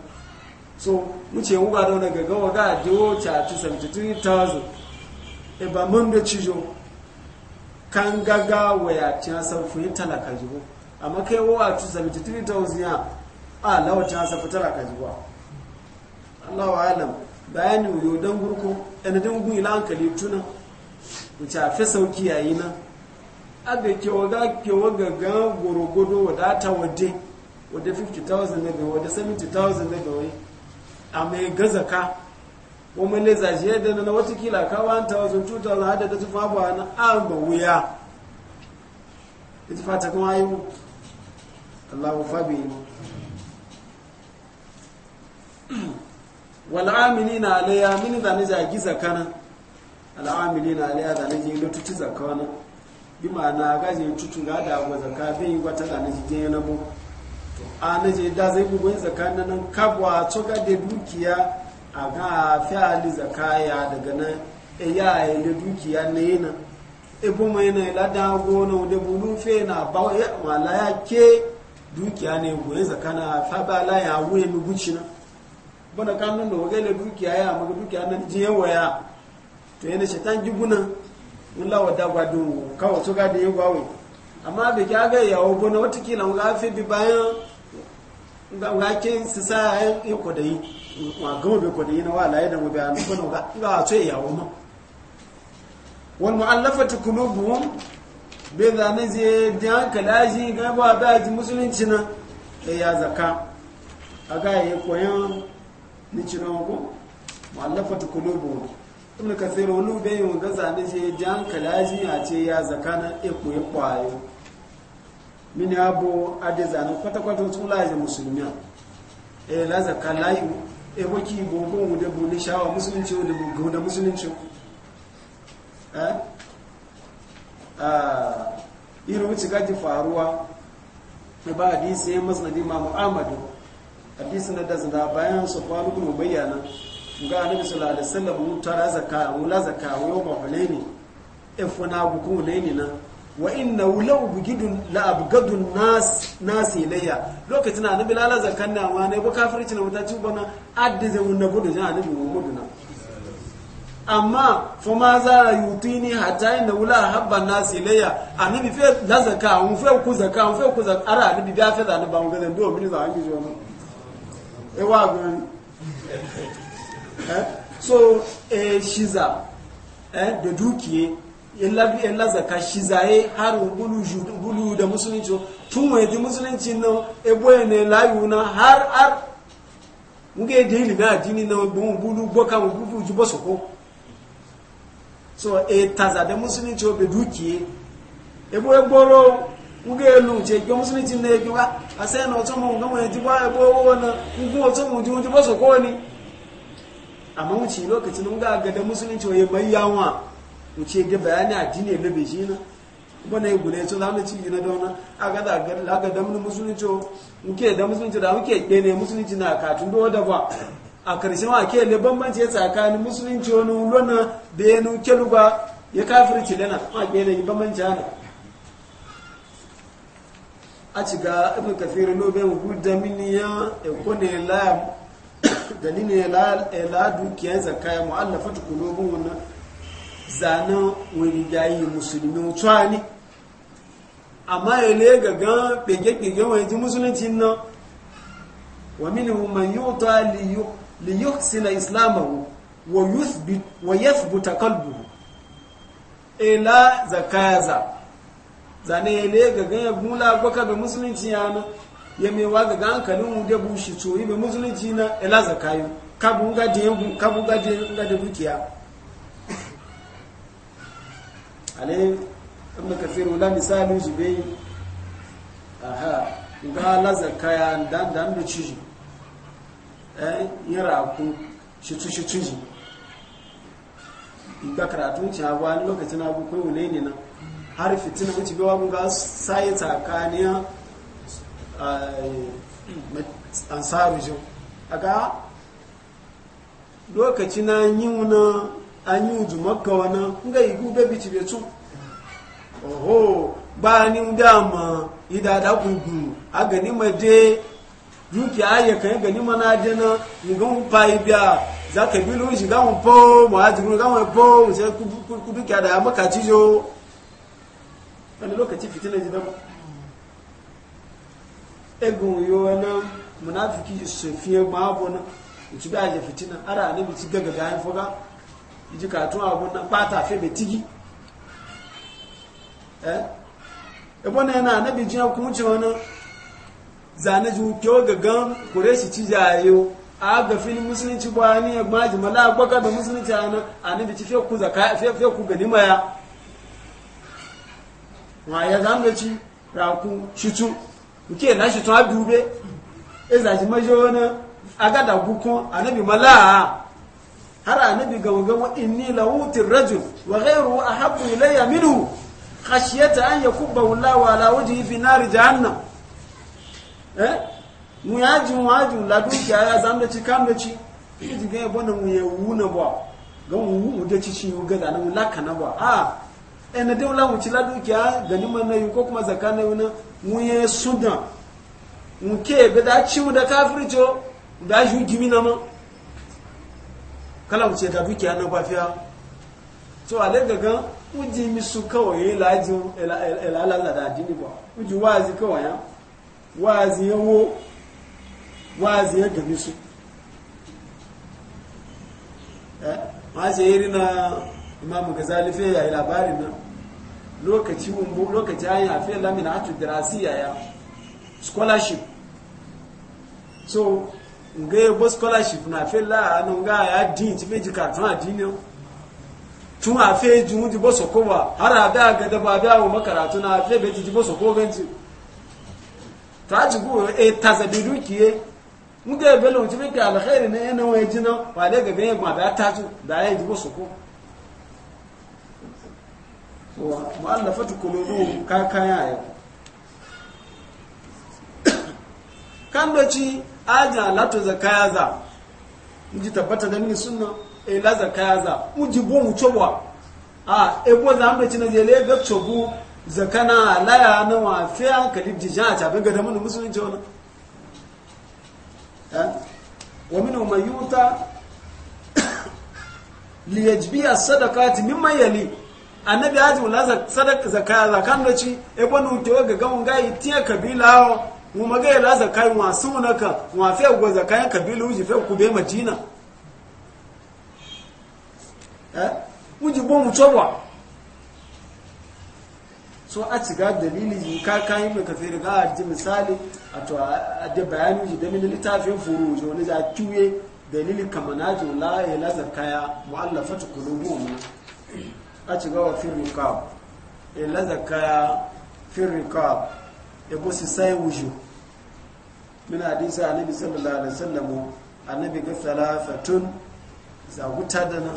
so muce wuga da wani gagan waga a diwo caci 73,000 e ba mun da cijo kan gaga wa waya cin sarfin talaka jiho amma kai wa a 73,000 Ah, a wacce hasa a ka zuwa Allah wa alam bayani yo don gurko ɗan don gun ila hankali tuna wuce a fi sauki yayi nan abe ke waga ke waga ga gorogodo wadata wadde wadda 50,000 daga wade 70,000 daga wai a mai gaza ka wani ne zaje da na watakila kawo an tawazin hada da tufa ba na an ba wuya ita fata kuma yi mu Allahu fabi yi mu wal'amini na alaya mini da ni zagi zakana al'amini na alaya da ni je lututu zakana bi na gaji tutu ga da agwa zaka bin wata da ni je na bu to a ni je da zai gugun zakana nan kabwa tsoga da dukiya a ga fi'ali zakaya daga nan e ya yi da dukiya na yi nan ibu mai na ilada gona da bulu fe na ba wala ya ke dukiya ne gugun zakana fa ba la ya wuye mu guci na. bana kanun da da dukiya ya maka dukiya nan jiye waya to yana shaitan gibuna la wada gwadu kawo su ga da yi gwawo amma be ga ga yawo bona watakila ga fi bi bayan ga ga ke su sa yi ko da yi wa gama bai ko da yi na wala yana mu bayan ko ga ga so yawo ma wal mu'allafatu qulubuhum bai da ne ji dan kalaji ga ba ba musulunci na ya zaka a aga yi koyan ni ci nawa ko mu'allafatu qulubuhum ibn kathir wani bai yi ga zane ce jan kalaji a ce ya zakana eko ya kwayo ya abu adi zane kwata-kwata tun laji musulmiya e la zakana yi e waki gogon wuda ni shawa musulunci wuda musulunci eh irin wuce gaji faruwa ba hadisi sai masnadi mamu amadu hadisin da da bayan su kwalu kuma bayyana ga annabi sallallahu alaihi wasallam mun tara zakka mu la zakka wa yawma hunaini ifuna buku hunaini na wa inna law bugidun la abgadun nas nas ilayya lokacin annabi la zakka na wa ne bu kafirci na mutaci bana addiza mun na gudu jan annabi muhammadu na amma fa ma za yutini hatta inna wula habba nas ilayya annabi fe la zakka mu fe ku zakka mu fe ku zakka ara annabi da fe da annabi ba mu ga dan do min za an ji mun ewa gan eh so eh shiza eh da dukiye in lazaka shizaye har bulu bulu da musulunci tun wai ji musulunci na ebo ne layu na har har muke da ilimi addini na bulu bulu boka mu bulu ju bosoko so e taza da musulunci obe dukiye ebo egboro ngelu nje gbe muslim tin ne gbe ase na oto mo ngam en ti wa ebo owo na ngu oto mo ju ju bo so ko ni amma mu ci lokacin mun ga ga da musulunci waye mai yawa mu ce ga bayani addini ne be shi na kuma ne gune na da mu ci na dona aga da ga da ga da musulunci nke da musulunci da nke ke ne musulunci na ka tun do da ba a karshe ma ke le bambanci tsakanin musulunci wani lona da ya nuke luga ya kafirci lana ma ke ne bambanci ana a ciga ibn kafirin lobe gudan miniyan ekone la da ni ne la dukiyar zakaya mu'allafa tukulobin wannan zanen wani yayi musulmi tuwani amma ya ne gagan ɓege-ɓege wani ji musulunci nan wa minihu man yi wuta liyuksi na islamahu wa yathbuta kalbuhu ila zakaza zane ya ne ga ganyar mula gwaka da musulunci ya yana ya mewa ga ga hankalin mu da bushi to yi musulunci na elaza kayu kabu ga de kabu ga de ga da dukiya ale ibn kafir wala misali jibe aha ga la zakaya dan dan da ciji eh yara ku shi shitu shitu ji ga karatu ci wani lokacin abu kai wule ne nan har fitina wuce bewa mun ga sai tsakaniya ansarujin aga lokaci na yi wuna an yi uju maka wani nga igu bebi ci betu oho ba ni dama idada gugu a gani ma je duki ayya kan gani mana je na ngun pai biya za ka bi lu shiga mun po mu ajiru ga mun po mu sai ku duki da maka ci jo wani lokaci fitina ji dama egun yi wani munafiki su fiye ma abu na uci bi aje fitina ara ne bi ci gaga gayan foga iji katun abu na bata fe be tigi eh ebo na yana anabi jiya kun ci wani zane ji kyau gagan kure shi ci jayo a ga filin musulunci ba ni ya gbaji mala gbaka da musulunci ana anabi ci fe ku zaka fe ku ganima ya wọn àyà zámẹ́tì ràkú ṣìtú nke na ṣìtú àdúgbé ẹzàjì mọ́jọ́ náà agádàgbù kan anábì maláà har anábì gawagawa inni lawutin rajul wa ghairu ahabbu ilayya minu. khashiyata an yakubba wallahu ala wajhihi fi nari jahannam eh mu yaji mu haji ladun ki aya zamda ci kamda ci ji ga yabo na mu yawuna ba ga mu mu da ci yi gada na mu lakana ba a ah! ene de wula wuci la dukiya gani man na ko kuma zaka na yi na muye sudan muke be da ci mu da kafirjo da ju gimi na ma kala wuce da dukiya na kwafiya to ale gaga uji mi su kawai laju ela la la da dini ba uji wazi kawai ya wazi yawo wazi ya gami su eh ma ce irina imamu gazali fe yayi labarin na? lokaci wumbu lokaci ya yafe lamina hatu dirasiya ya scholarship so nga bo scholarship na fe laanu nga ya din ti meji ka tun adini tun fi ju ti bo soko wa har a gada ba da wo makaratu na fi be ti bo soko ganti ta ji go e tazabiru kiye nga ebe belo ti be ka alkhairi ne eno ejina wa le gaga e ma da ta tu da e ji bo soko wa mu'allafatu qulubuhum ka kaya ya kan doci aja lato zakaya za muji tabbata da ni sunna e la zakaya za muji bo mu chowa a e bo za mu cina zele ga chobu zakana laya na wa fi hankali dijan ta ga da mun musulunci wannan eh? wa minhum man yuta (coughs) liyajbiya sadaqati mimma yali annabi haji wala sadaka zakaya zakan da ci e bonu ke ga gamun gayi tiya kabila mu magaya la zakai wa sunaka wa fe go zakayan kabila uji fe ku be madina eh uji bo mu chowa so a ci ga dalili yi ka kai mai ka fere ga ji misali a to a da bayani ji da min littafin furu jo ne za tuye dalili jo la ya la zakaya mu'allafatu qulubuhum a ci gawa firrikab e lazaka firrikab e si sai wuju min hadisa annabi sallallahu alaihi wasallam annabi ga salafatun zaguta da na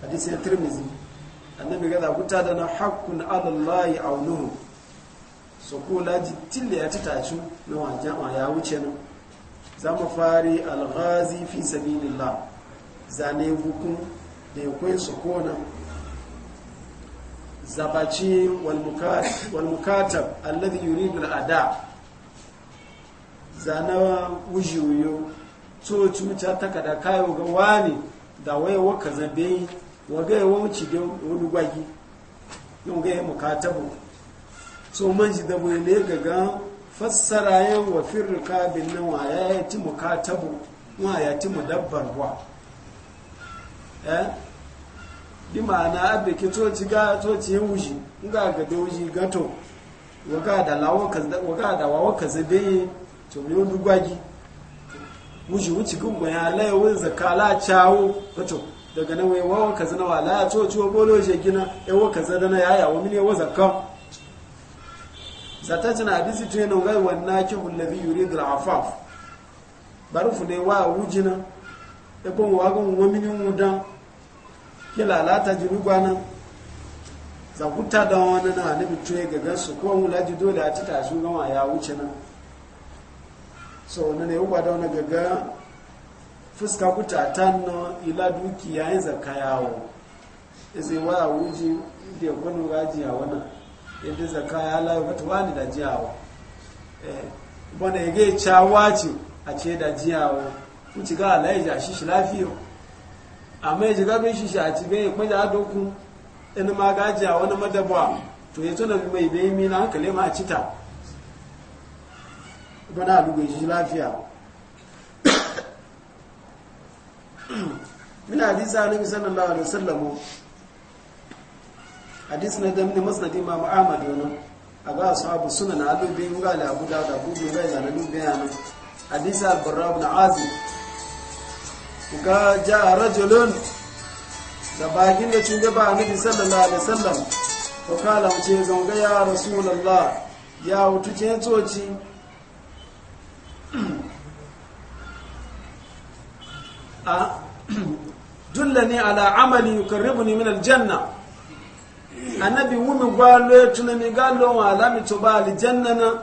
hadisi ya tirmizi annabi ga zaguta da na hakkun al'allahi a aunuhu so ko laji tilla ya tatacu na wajen ya wuce nan za mu fari alghazi fi sabilillah zane hukun da ya kwai su zabaci walmukatab alladhi yuridu al'ada zana wujuyo to cuta takada kayo ga wani da waya waka zabe waga yawa wuce da wani gwagi yau ga yawa mukatabu so man ji da bai ne gaga fassara yau wa firin kabin nan wa ya yi ti mukatabu wa ya ti mu wa eh bi ma'ana abe ke coci ga coci ya wuji nga ga be wuji gato waka da lawo kaza waga da wawo kaza be to mi wundu gwagi wuji wuci gun gwaya la yawun zakala chawo wato daga nan wai wawo ka na wala coci wa bolo je gina ya e kaza da na yaya wa mini yawo zakka zata tana hadisi to yana ga wannan ki hullazi yuridu al-afaf barufu ne wa wujina ebon wa gun wa mini mudan ke lalata jiru gwanan zakuta da wani na hannun tuwe ga gansu kuma mula ji dole a cita shi gama ya wuce nan so na ne yi gwada wani gaga fuska kuta ta na ila duki yayin zaka yawo izai a wuji da gwanu raji a wani yadda zaka ya layu wata wani da jiyawa wani eh, ya gai cawa ce a ce da jiyawa kuci ga alayi jashi shi lafiyo amma yaji gabin shi shi a cikin ya kwanja doku in ma gaji a wani madabuwa to ya tuna mai bai yi na hankali ma a cita bana lugu shi lafiya min hadisi annabi sallallahu alaihi sallamu. hadisi na da min musnad imam ahmad wannan aga ashabu sunan alu bin gali abu da abu da gali na lugu bayanan hadisi al-barra na azib kuka ja rajulun da bakin da cin gaba annabi sallallahu alaihi wasallam Ko kala mu zonga ya rasulallah ya wutu ce tsoci a ne ala amali ne min aljanna annabi wumi gwalo ya tuna mi gallo wa alami to ba aljanna na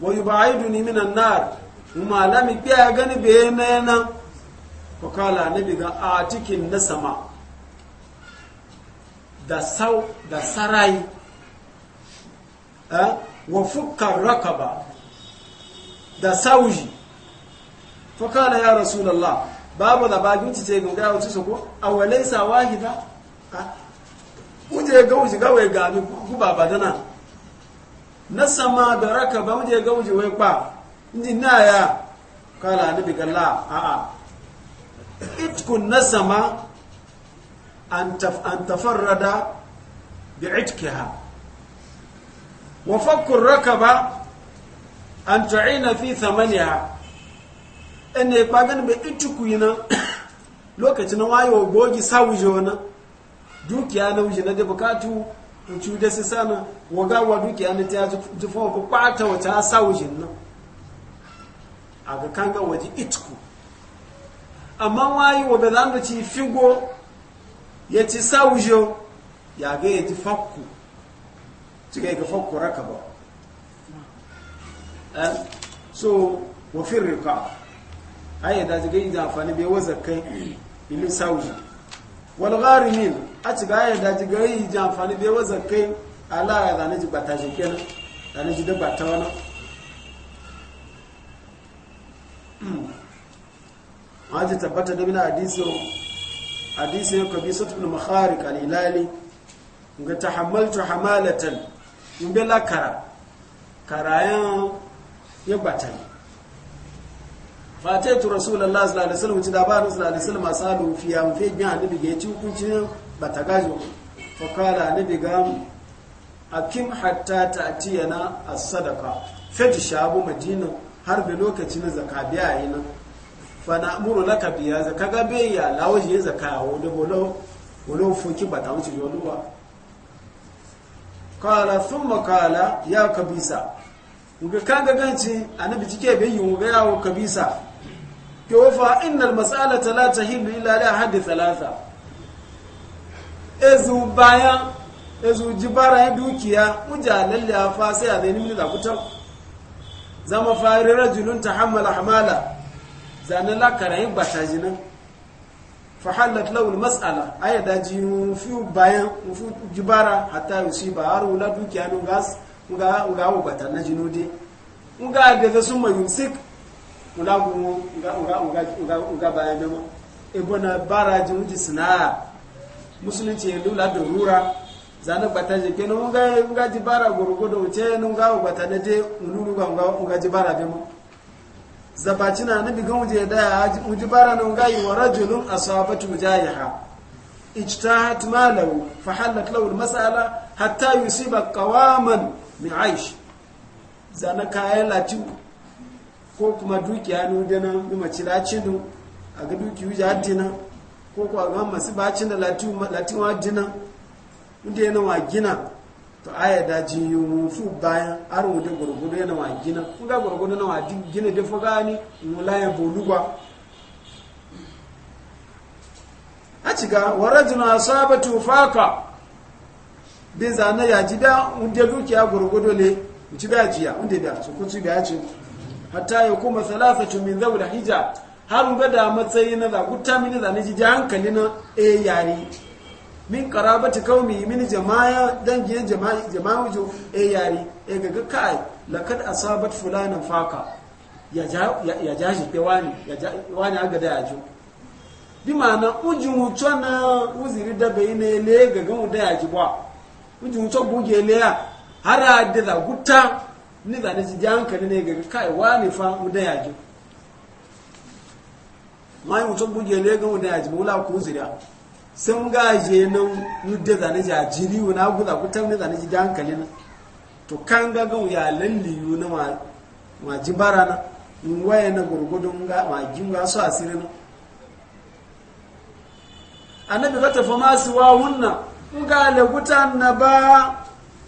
wa duni min annar mu alami biya gani bayanan wakala na biga a cikin na sama da sau da sarai eh, wa fukar rakaba da sauji fakala ya rasulallah babu da babin ci ce gunga wacce su ko a walai sa wahida muje ga wuce ga wai gami guba badana na sama da rakaba muje ga wuce wai kwa inji na ya kala na biga la a'a itkun sama an tafarrada bi itkiha wa rakaba an tu'ina fi thamaniha ene pagan be itukuyina lokacin wayo gogi sawujona dukiya na wuje na da bukatu ucu da su sana waga dukiya na ta jufa kwata wata sawujin nan aga kanga waje itku amma wayi wa bezando ci figo ya ci saujo ya ga ya ji fakku cika ga fakku raka ba eh, so wa fi firrika haye da ji ga yi amfani bai waza kai ilin saujo wal gharimin a ci ga haye da ji ga yi amfani bai waza kai ala ya zane ji bata shi kenan zane ji da bata wani hmm. haji tabbata da mina hadisin hadisin ka bi sutbul makharik al-ilali ga tahammaltu hamalatan in bi lakara karayan ya batali fataitu rasulullahi sallallahu alaihi wasallam ci da ba rasulullahi sallallahu asalu fi yam fi bin annabi ga ci hukuncin batagajo fa kala annabi ga akim hatta ta'tiyana as-sadaqa fadi shabu madina har da lokaci na zakabiya yana fana muru ka biya za ka gabe ya lawo je zaka wo de bolo bolo fuki ta wuce joluwa kala thumma kala ya kabisa uga kanga ganci na jike bai yi ya yawo kabisa ke wafa innal mas'alata la hindu illa a hadi Talata. ezu baya ezu jibara ya dukiya mujalalla fa sai a zai nimi da kutar zama fa rajulun hamala hamala zane la karayin ji jinan fahallat lawul mas'ala aya da ji fi bayan fi jibara hatta yusiba har wula dukiya nun gas nga nga wa bata na jinudi nga da da summa yumsik wula gumo nga nga nga bayan da mu ibona bara ji wuji sina musulunci ya lula da rura zane bata je kenan nga nga jibara gurgudo ce nun nga wa bata na je nuru nga nga jibara da mu zabatina na bigan wuje da wuje bara nan gayi wa rajulun asabatu mujahiha ijtahat malahu fa halat lahu almas'ala hatta yusiba qawaman min aish zana kayan lati ko kuma dukiya nu dana mu mace lati du a ga duki wuje haddina ko ko ga masu bacin da lati lati wa dina inda yana wa gina to aya da ji yufu bayan ar da gurgudu yana wa gina kun ga gurgudu na wa gina da fa gani bolu ba a ciga warajuna asabatu faka bin zana ya ji da wunde dukiya gurgudu ne ci da ya wunde da su kun ci da ci hatta ya kuma salasatu min zawul hija har ga da matsayi na na mini zane ji hankali na e yari min karabati kaumi min jama'a dangin jama'a jama'a jo e yari e ga kai lakad asabat fulanan faka ya ja ya ja shi pe wani ya ja wani aga da yajo bi ma'ana ujun wucho na uziri da bai ne le ga ga mu da yaji ba ujun wucho buge le ya har da da gutta ni da ji hankali ne ga kai wani fa mu da yaji mai wucho buge le ga mu da ji ba wala ku uzira sun gaje nan yadda zane ji a jiri wani guda kutan ne zane ji da to kan gagan ya lalliyu na maji bara na in waye na gurgudun magin ga su asiri na annabi ka tafi masu wahunna in ga na ba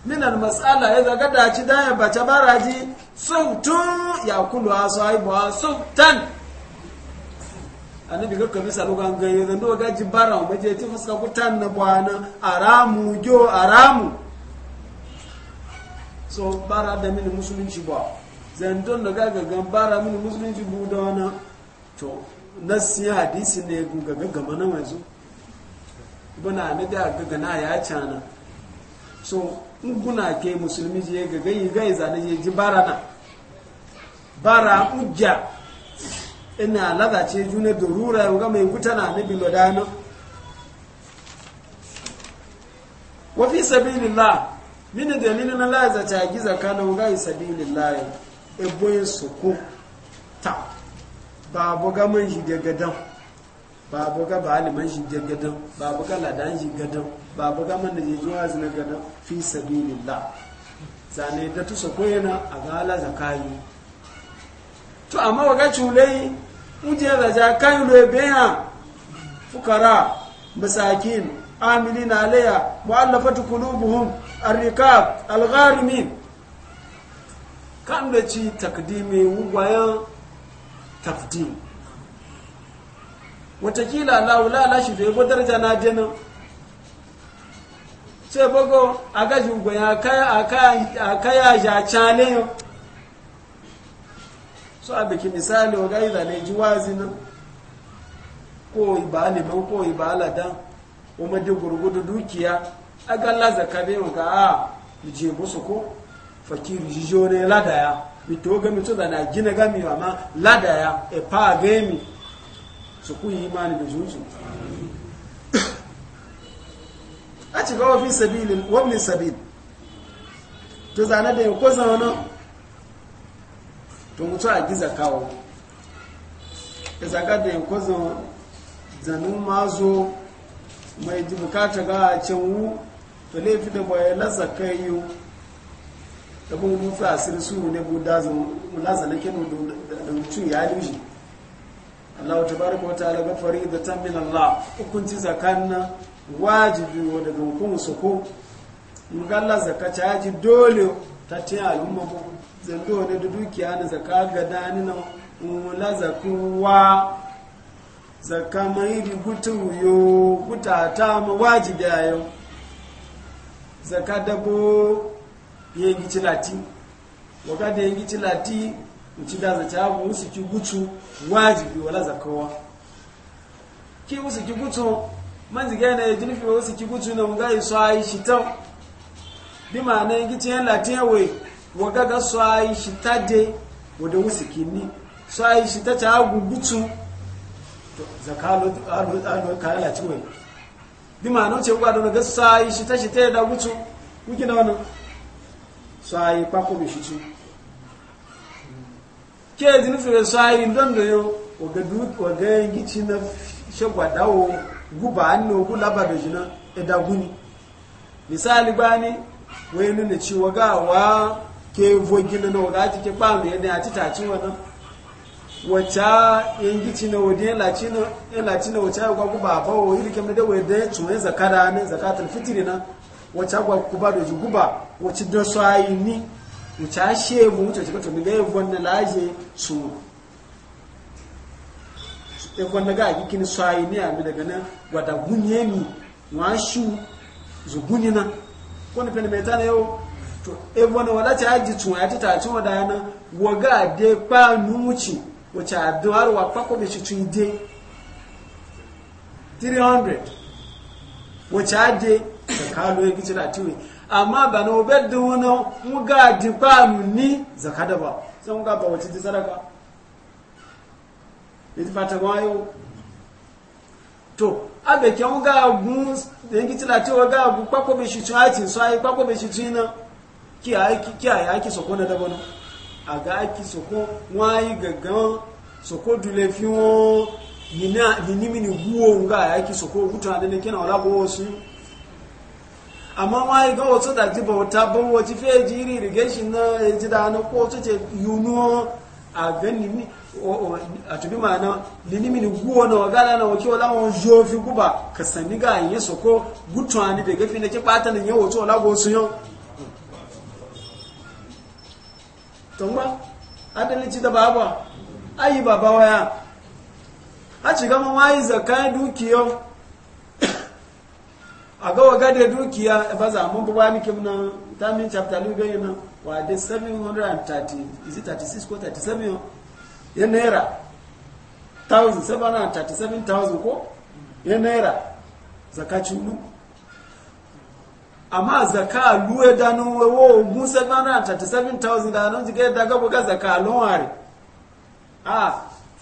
minan matsala ya zaga ci da ya bace baraji sautun ya kulu asu haibuwa sautan annabi ga kamisa lugan gayo da ndo ga jibara ba je ti fuska kutan na bwana aramu jo aramu so bara da mini musulunci ba zan don da ga gan bara mini musulunci bu da wana to si hadisi ne ga ga gama nan wazo bana ne da ga na ya cana so guna ke musulmi je ga gayi gayi zane je bara na bara ujja ina ladace juna da rura yau ga mai kuta na nabi lodano wafi sabilillah mini dalilin na la ta giza kana ga yi sabilillah eboyin soko ta babu ga man shi ba babu ga baliman shi ba babu ga ladan shi gadan babu ga man da je zuwa zina gadan fi sabilillah zane da tusa koyana a ga la yi to amma waga cule. muje da ja kan fukara masakin amilin alaya mu'allafatu qulubuhum arrikab algharimin kan da ci takdimi wugwayan tafdim watakila laula la shi zai yabo daraja na ce sai bago a gaji a kaya a a so bikin misali wa gaida ne ji wazi nan ko iba liman ko ba aladan kuma di gurgudu dukiya a galla zaka be ga a je musu ko fakir jijo ne ladaya mito ga mito da na gina gami wa ma ladaya e pa gami su ku yi imani da juju a ci gawa fi sabili wabin sabili to da ya wani to mutu a giza kawo ya zaga da yankozin zanen mazo mai ji bukata ga a can wu to laifi da bai lasa kai yi da kuma mutu a siri su ne buda dazin lasa na kinu da mutu ya lushi allahu tabari ko ta laga fari da ta min Allah hukunci zakan wajibi wa daga hukumu su ko mu ga Allah zakata ya ji dole ta ce al'umma mu zato da dukiya na zaka ga dani na mula zakuwa zaka mai bi gutu yo gutata ma wajibi ayo zaka bo yengi cilati da yengi cilati mchidaza chabu usi kigutu wajibi wala zakawa ki usi kigutu manzi gane ya jinifi usi kigutu na mga iso aishi tau bima na yengi cilati yawe wagaga swayi shi tade wode wusikini kinni swayi shi ta ta gugutu zakalo ano kayala ci wai di no ce gwa da ga swayi shi ta shi ta da gutu kuki na wannan swayi pa ko bi shi ke din fere swayi don da yo waga du waga na shagwa guba anno gula ba da jina e da guni misali bani wai nuna cewa gawa ke vogina na wagati ke kpalu yadda ya ci taci wani wacce yin gici na wadda yin latina wacce ya gwagwa ba ba wa iri kemgbe da wadda ya tsoye zakara ne zakatar fitiri na wacce gwagwa ba da jiguba wacce da su ayi ni wacce a shebu wacce ka tuni ga yi wanda laje su wanda ga gikin su ayi ni a mi daga nan wadda gunye mi wa shu zugunina wani fenimeta na yau to ebono wala ta ji tun ya ta tun wada na woga de pa nuchi wacha adwar wa pa ko be shi tun de 300 wacha de zakalo ya gici da tiwe amma ba na obe da wani muga di pa mu ni zakada ba sai muga ba wace ji sadaka yadda fata gwa yau to abe kyan muga gun da ya gici da tiwe ga gun be shi tun hacin so ayi kwakwabe shi tun na kiyaye ake soko na daba no a ga ake soko wayi gaggan soko dule fi wọn nini mini huwo nga ake soko hutu na dana kena wala gowo su amma wayi ga wasu da ji bauta ban wace fe ji iri irrigation na ya e ji da na ko wasu ce yuno a ga nini a tubi ma'ana nini mini huwo na wagala na wake wala wọn jofi guba ka sani ga yin soko Gutuwa ni da gafi na ki bata na yawo to wala gowo su yau tumba adalci da baba ayi baba waya a ci gama wayi zakan dukiyo a gawa waga dukiya ba za mu ba miki na tamin chapter lu gani na wa de 730 is it 36 ko 37 ya naira 737,000 ko ya naira zakacin nuku amma zaka luwe da nun wewo ogun 737,000 da nun jike daga buga zaka lonware a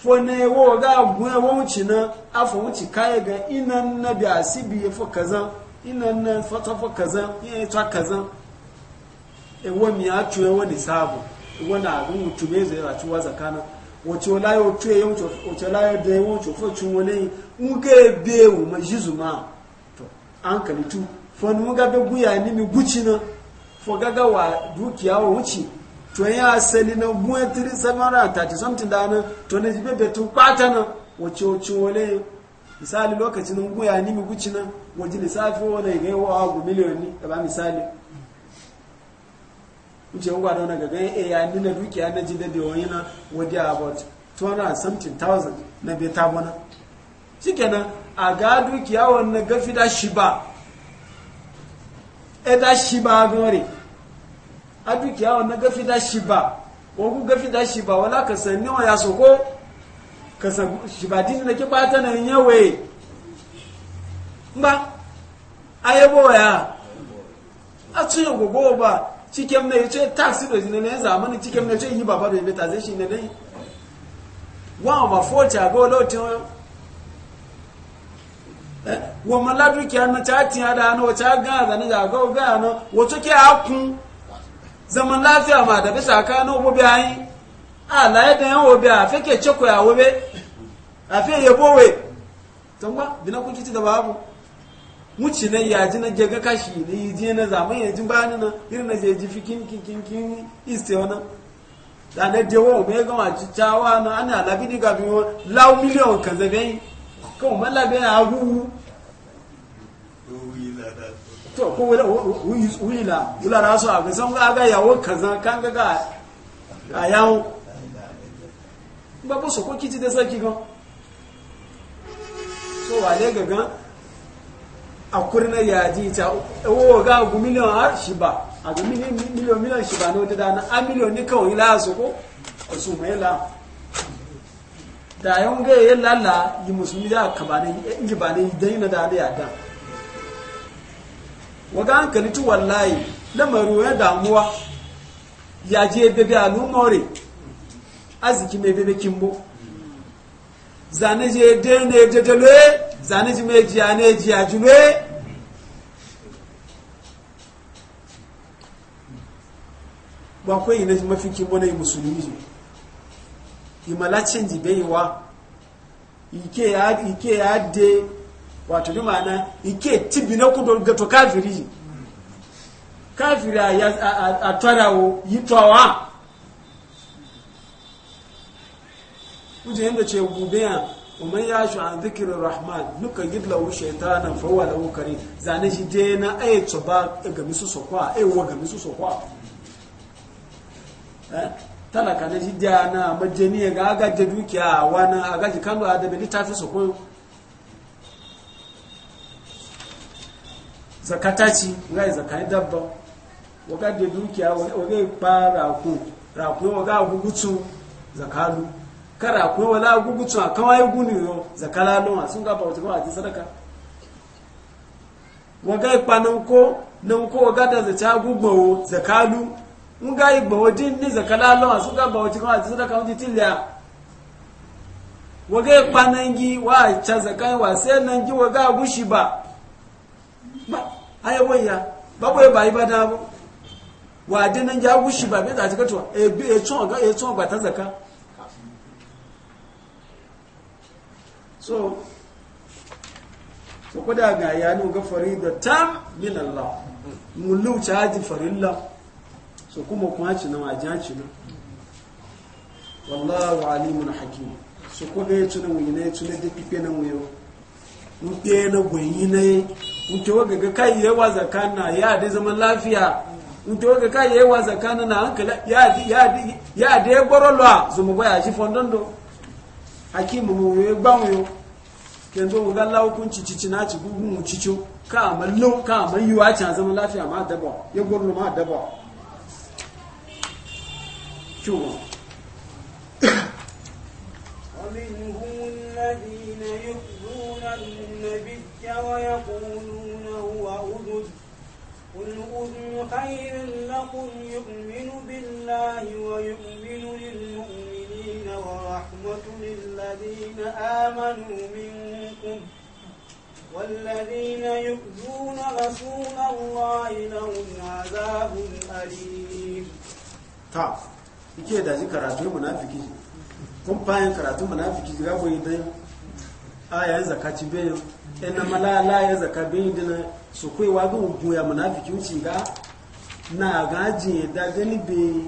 fone wewo ga gun ewo wuce na afo wuce kaya e ga inan na bi asibi e ya fo kaza inan na fata fo kazan iya ya e ta kazan ewo mi a cuye wani sabu ewo na agun mutu me zai racu wa zaka na wace olaye otu eyi wace olaye da ewo wace ofo cin wani nke ebe ewu ma jizu ma to an kalitu fon muga be guya ni mi guci na fo gaga wa dukiya wa wuci to ya asali na mu tiri samara ta ti something da na to ne be be tun kwata na wace wace wale misali lokacin guya ni mi guci na waje lissafi wani ga yi wa gu miliyoni da ba misali wuce ngwa da wani gagayen e ya na dukiya na ji da wani na waje about 217,000 na bai ta shi kenan a ga dukiya wani gafi da shi ba eda shiba gore a dukiya wannan gafi wagu gafi da shiba wala wa ya soko ka san shiba ke ba ya a tsuye na yace taxi na yi wọ́n mọ ládùúkì àná tí a ti hàn dáná wọ́n tí a gán ọgá àná wọ́n tó kí a kún zaman lafiya ma da bisa na no bo bi ayin a la a fe ke choko ya wo a fe ye bo we to ba kiti da babu mu ci ne ya na je kashi na yi je na zaman na irin na je fikin kin kin ona kí wọ́n mẹ́lá bí awúwú tó kó wíìlà a sọ àgbẹ̀sán gága yàwó kazan kan gága àyáwó gbogbo sọ̀kọ́ kí ti dẹ́sẹ́ kí gan so wà lẹ́ gangan akuri na yaji ta owó ga agu miliyan har shiba agu miliyan miliyan shiba na wadda dana a miliyan ni kawai la su ko a su mai la da yawon gaya yin lalla yi musulmi ya aka ba ne yi ba ne don yi na da ya da waga an wallaye na maru ya damuwa ya je bebe al'umore arziki mai bebe kimbo zane je dene dedele zane ji mai jiya ne jiya jule ba kwa yi na mafi kimbo na yi musulmi himalacin canji baiwa ike ya ike ya de wato ma na ike tibi na kudo ga to kafiri kafiri a ya yi tawa da ce gubiya da wukari zane shi na ga misu sokwa ga misu sokwa eh? talaka na jidiya na majani ga agaje dukiya wani agaji kano a dabe littafi su kun zakata ci ngai zakai dabba waga da dukiya waga ba raku raku waga gugutu zakalu kara ku wala gugutu a kawai guni yo zakala no sun ga ba wata kawai sadaka waga ipa nan ko nan ko waga da zata gugbo zakalu nga igbawo ti ni zakala lọ asu ga bawo ti kan ati sadaka wọn ti ti lẹ a wọgẹ nangi wa ca zakai wa se nangi wọgẹ agushi ba ba ayawo ya babu ya bayi ba da bu wa de nangi agushi ba da bai zati katuwa ebi etun ọga e etun ba ta zaka so so ko da ga ya nu ga farida tam min Allah mullu caji farilla so kuma kuma ci na wajen ci na wa' alimun hakim so ko ga yace na wuyi na yace na dafife na wuyo mun ke na gwayi na in ke waga ga kai wa zakana ya da zaman lafiya in ke waga kai wa zakana na hankali ya ya ya da ya gborolwa so mu baya shi do hakim mu ya gbanwo kendo mu ga ci ci na ci gugun mu cicio ka amallo ka amallo ya ci zaman lafiya ma daba ya gborolwa ma daba شوفوا ومنهم الذين يؤذون النبي ويقولون هو أذن قل أذن خير لكم يؤمن بالله ويؤمن للمؤمنين ورحمة للذين آمنوا منكم والذين يؤذون رسول الله لهم عذاب أليم. طب. ike da ji karatu munafiki kun fayin karatu munafiki ga goyi dai aya zakati be ina malala ya zakabe e dina su kai wa ga ugu ya munafiki uci ga na ga ji da gani be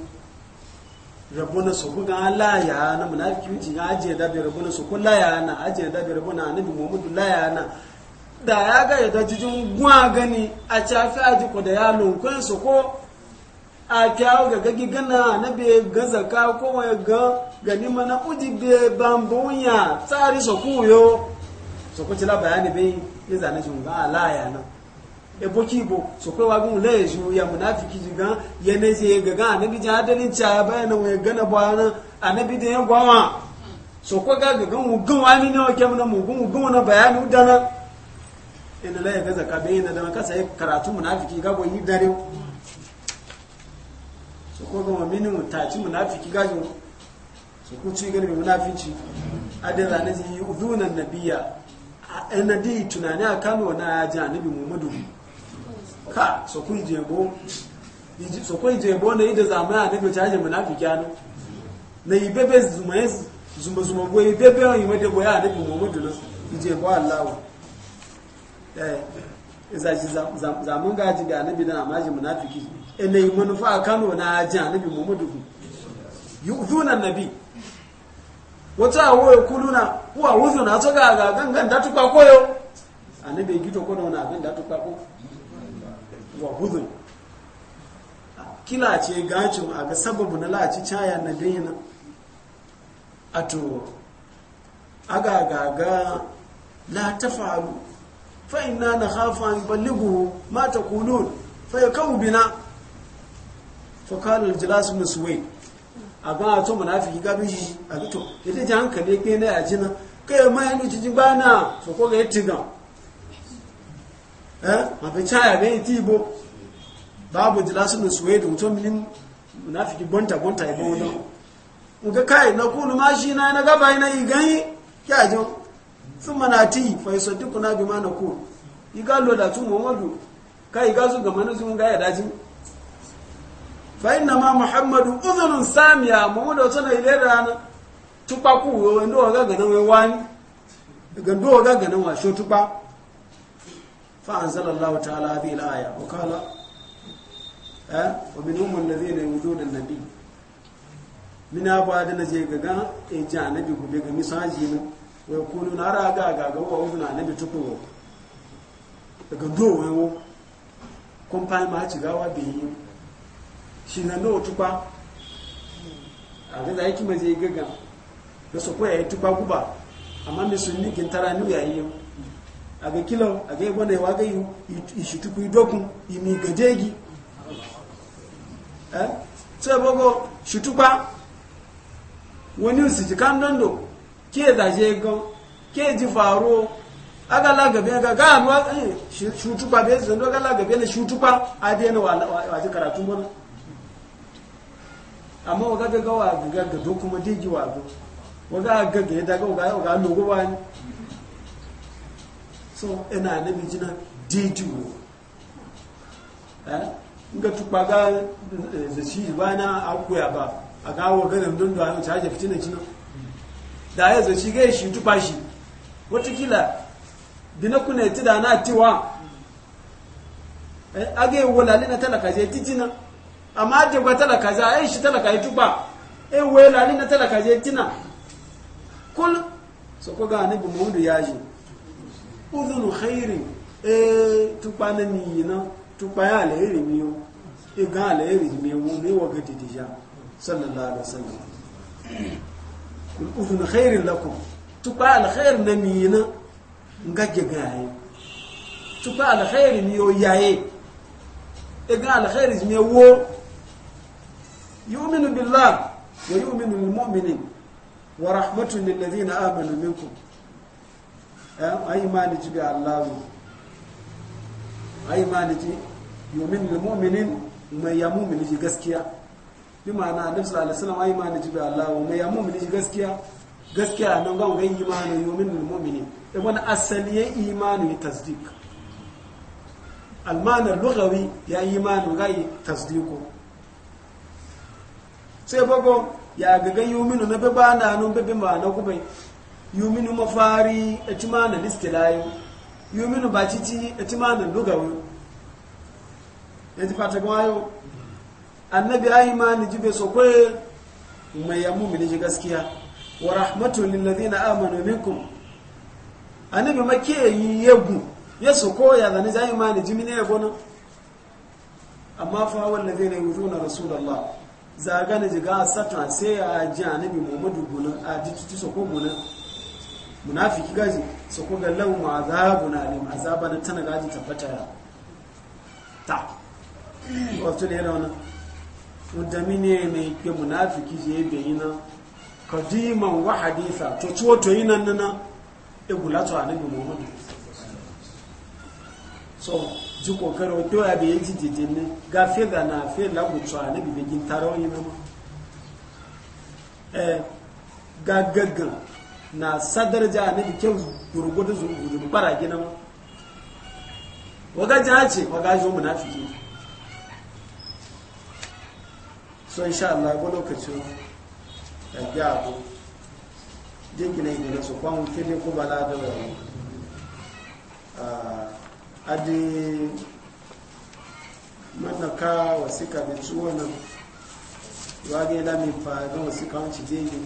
rabuna su ku ga ya na munafiki uci ga ji da be rabuna su ku ya na aje da be rabuna annabi muhammadu ya na da ya ga ya da jijin gwa gani a cafi aji ko da ya lokun su ko a kyau ga gagi gana na be ga zaka ko wa ga gani mana uji be bambunya tsari so kuyo so ko tila bayani be ya zane jun ga alaya na e ki bo so ko wa gun leju ya munafiki jiga ya ne je ga ga na bi jadalin cha bayana wa gana bana anabi de gwawa so ko ga ga gun gun wani ne o na mu gun gun na bayani udana ina e la ya ga zaka be ina da kasa karatu munafiki ga yi dare su ko gama mini mutaci munafiki gajin su ku ci gani munafici adin zane ji yi uzunan nabiya a eh, na dai tunani a kano na ya ji annabi muhammadu ka su ku jebo su ku jebo na yi da zamani annabi ta hajji munafiki ano na yi bebe zuma zuma goyi bebe yi mada goya annabi muhammadu na jebo allawa eh izaji zamun gaji ga annabi na amajin munafiki yanayi manufa a kano na ajin annabi muhammadu hu? yi na nabi wata awo ya kuluna kuwa wuzu na ta ga gangan da tukwa koyo annabi ya gito kona wani abin da tukwa ko wa wuzu kila ce gacin a ga sababu na laci caya na dina a to aga gaga ta faru. fa ina na hafa ballighu ma taqulun fa ya yakau bina fokalul jilas musuwai a ba a to munafiki ga bin shi a to ita ce hankali ke na ya jina kai ma ya nuci ji bana so ga. ga yittiga eh ma bi chaya ga yitibo babu jilas musuwai da mutum min munafiki bonta bonta ibo wannan ga kai na kunu ma shi na na gaba ina igani ya jo sun mana manati fa yasaddiquna bima naqul igalo da tu muhammadu kai gazu ga manazin ga ya daji fainna ma muhammadu uzunun samiya muhammadu wata na ile rana tukpa kuwo ndo waga gana wai wani gando waga gana wa sho tukpa fa anzala allah ta'ala hadhihi al-aya wa qala eh, nabi mina ba da gaga e ji ga misaji wai kunu na shi na nawa tukwa a ga zai kima zai gaga da su koya tukwa guba amma mai sun ni gintara ni ya yi a ga a ga yi wanda yawa ga yi tukwa yi dokun yi eh sai bogo shi tukwa wani su ji kan dando ke zaje ga ke ji faro lagabe ga ganuwa eh, shi tukwa bai zan ga lagabe na shi tukwa a amma waga gaga wa gaga ga do kuma digi wa do waga gaga ya daga waga logo wa ni so ina na bi jina digi wo eh nga tukpa ga da eh, shi ba na akuya ba a ga waga da don da ta ja fitina jina da ya zaci ga shi tukpa shi watakila dina kuna ti da na tiwa eh age wala lina talaka je titina amma jagwa talaka za a yi shi talaka ya tuba e eh, wela ni na talaka je tina kul so ko ga ni bumudu yaji udhunu khairin e eh, tuba na ni yi na tuba ya le iri mi o e ga le iri mi o ni wa ga titija sallallahu alaihi wasallam kul udhunu khairin lakum tuba al khair na mi na ngaje ga yi tuba al khair mi o yaye e ga al khair mi wo yu'minu billah wa yu'minu lil mu'minin wa rahmatun lil ladina amanu minkum eh, ay imani ji bi allah ay imani ji yu'minu lil mu'minin mai ya mu'mini ji gaskiya bi ma'ana annabi sallallahu alaihi wasallam ay imani ji bi allah mai ya mu'mini ji gaskiya gaskiya nan ga wani imani yu'minu lil mu'minin da eh, wani asali ya imani tasdik almanar lugawi ya imani ga tasdiku sai bago ya gaga yuminu na beba na nun bebe ma na kubai yuminu mafari a cima na listilayi yuminu ba cici a cima na lugawi ya ji fata gwayo annabi ayi ma ni jibe so kwe mai yamu mini ji gaskiya wa rahmatun na amanu minkum annabi make yi yegu ya so ko ya zane zai ma ni jimine ya gona amma fa wallazi ne yuzuna rasulullah zagana jiga satan sai ya ji annabi muhammadu gunan a jitutu sako gunan munafiki gaji sako ga lau ma za ne na za ba na tana gaji tabbata ya ta wato ne rauna wadda ne ne ke munafiki je bayi na kadiman wa haditha to ciwo to yi nan nan egula to annabi muhammadu so ji kokarin wato ya be ji jijin ne ga da na fe la mu tsa ne bi gin yi eh, na ma ga gaggan na sadarja ne bi kyau gurgudu zungudu bara gina ma hace jace mu na fiye so sha Allah go lokacin da ya abu jingina ne da su kwan fili ko bala da wani ah, adi manaka wasika da ciwo wage na fa don wasika wanci daidai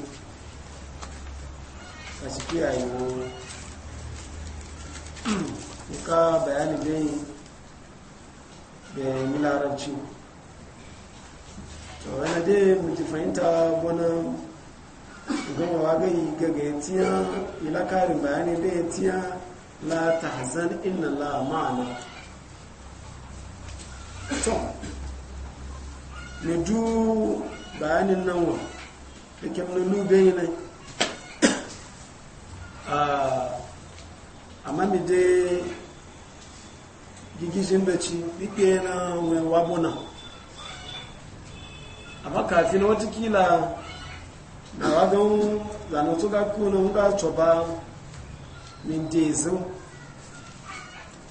a ciki yayiwo bayani bai da milaranci to wani dai mutu fahimta wani gama wage gaga ya tiya ilakarin bayani bai ya tiya la tahzan inna Allah ma'ana to ne du bayanin nan wa da kemnu lube ne a amma mi dai gigijin da bi ɗiɗe na wani wabuna amma kafin watakila na wagon zanatu ga kuna ga chọba. minti sun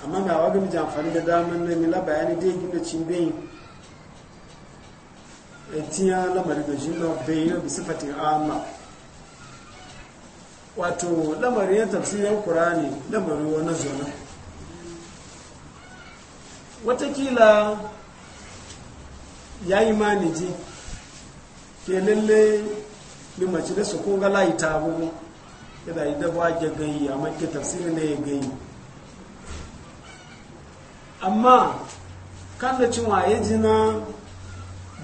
amma na waga miji amfani da daman na mila bayani dai gina cimbayin etiya lamari da jina bayyana bi sifatin amma wato lamari ya tafsirin kurani lamari wani zona watakila ya yi maniji ke lalle mace da su kunga layi tabubu kada yi dabuwa ke gani a maki tafsirin ne ya gani amma kan da cin waye jina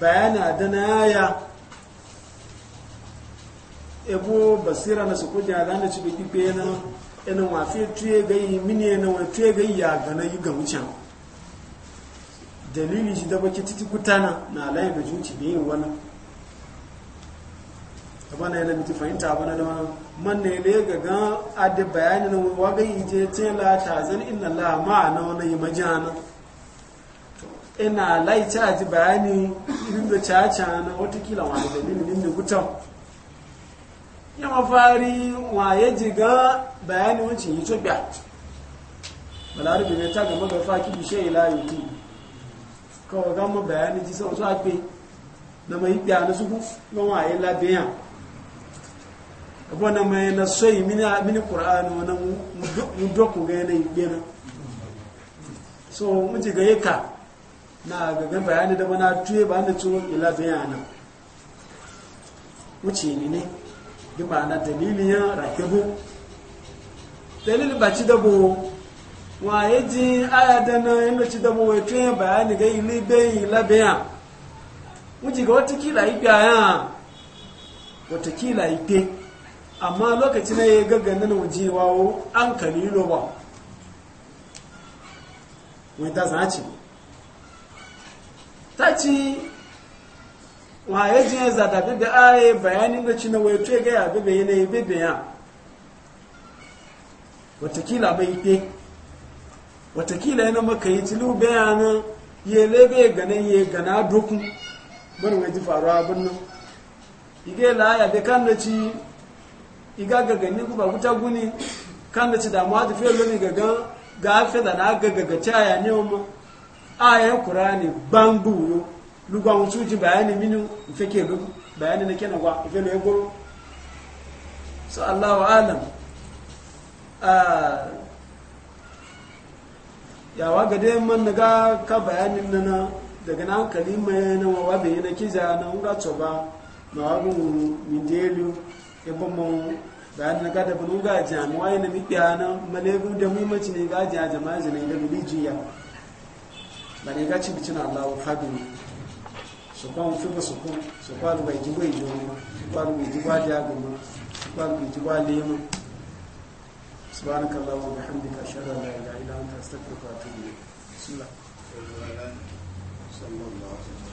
bayana da na yaya ebo basira na su kujin adan da ci bi kipe na ina wafi tuye gayi mini na wani tuye gayi ya gana yi ga wucin dalili shi da baki titi kutana na alayi da junci da yin wani ba na ilimi fahimta ba na da man ne ne ga gan adi bayani wa ga je ce la ta zan inna la ma na wani yi majana ina lai ta ji bayani irin da caca na watakila wani dalilin da gutan ya mafari wa ya ji ga bayani wancin yi tobiya balarabi ne ta gama ga faki bishe ila ti kawai gama bayani ji sau wasu agbe na mai biya na su kuma wa ya labiyan bana mai na soyi mini mini qur'ani wana mu doku ga yana gina so mu ji ga yaka na ga ga bayani da bana tuye ba na tuwo ila da yana wuce ni ne bi ma'ana dalilin ya rakibu Dalilin ba ci dabo wa yaji aya da na yana ci dabo wai tuye bayani ga ile bai ila bayan mu ji ga wata kila ibe aya wata kila ibe amma lokaci na ya gagganna na waje wawo an kalilo ba wai ta zaci ta ci wa ya ji ya zata bebe a ya bayanin da ci na wai tuye gaya bebe yana ya bebe ya watakila bai ite watakila yana maka yi tilu bayanin ya lebe ya gana ya gana dokun bari waje faruwa birnin igela ya bekan da ci iga gaganni ku ba kuta guni kan da ci damuwa da fiye loni gagan ga afe da na gagaga ci aya ne omo aya kurani bangbu yo lugwa wucu ji bayani minu ife ke lugu bayani na kenan gwa ife lo egoro so allahu alam ah, Ya ga dai man ga ka bayanin na, daga nan kalima na wawa bayyana kiza na wura tsoba ma wabin mindelu ya bamma bayan na gada bulu ga jami'a yana miƙiya na malebu da muhimmanci ne ga jiya jama'a jini da jiya ba ne ga cibici na allahu fadu ne su kwan fi ba su kwan su kwan bai ji bai jiwa ma su kwan bai ji ba da gama su kwan bai ji ba lema su سبحانك اللهم وبحمدك اشهد ان لا اله الا انت استغفرك واتوب اليك بسم الله صلى الله عليه وسلم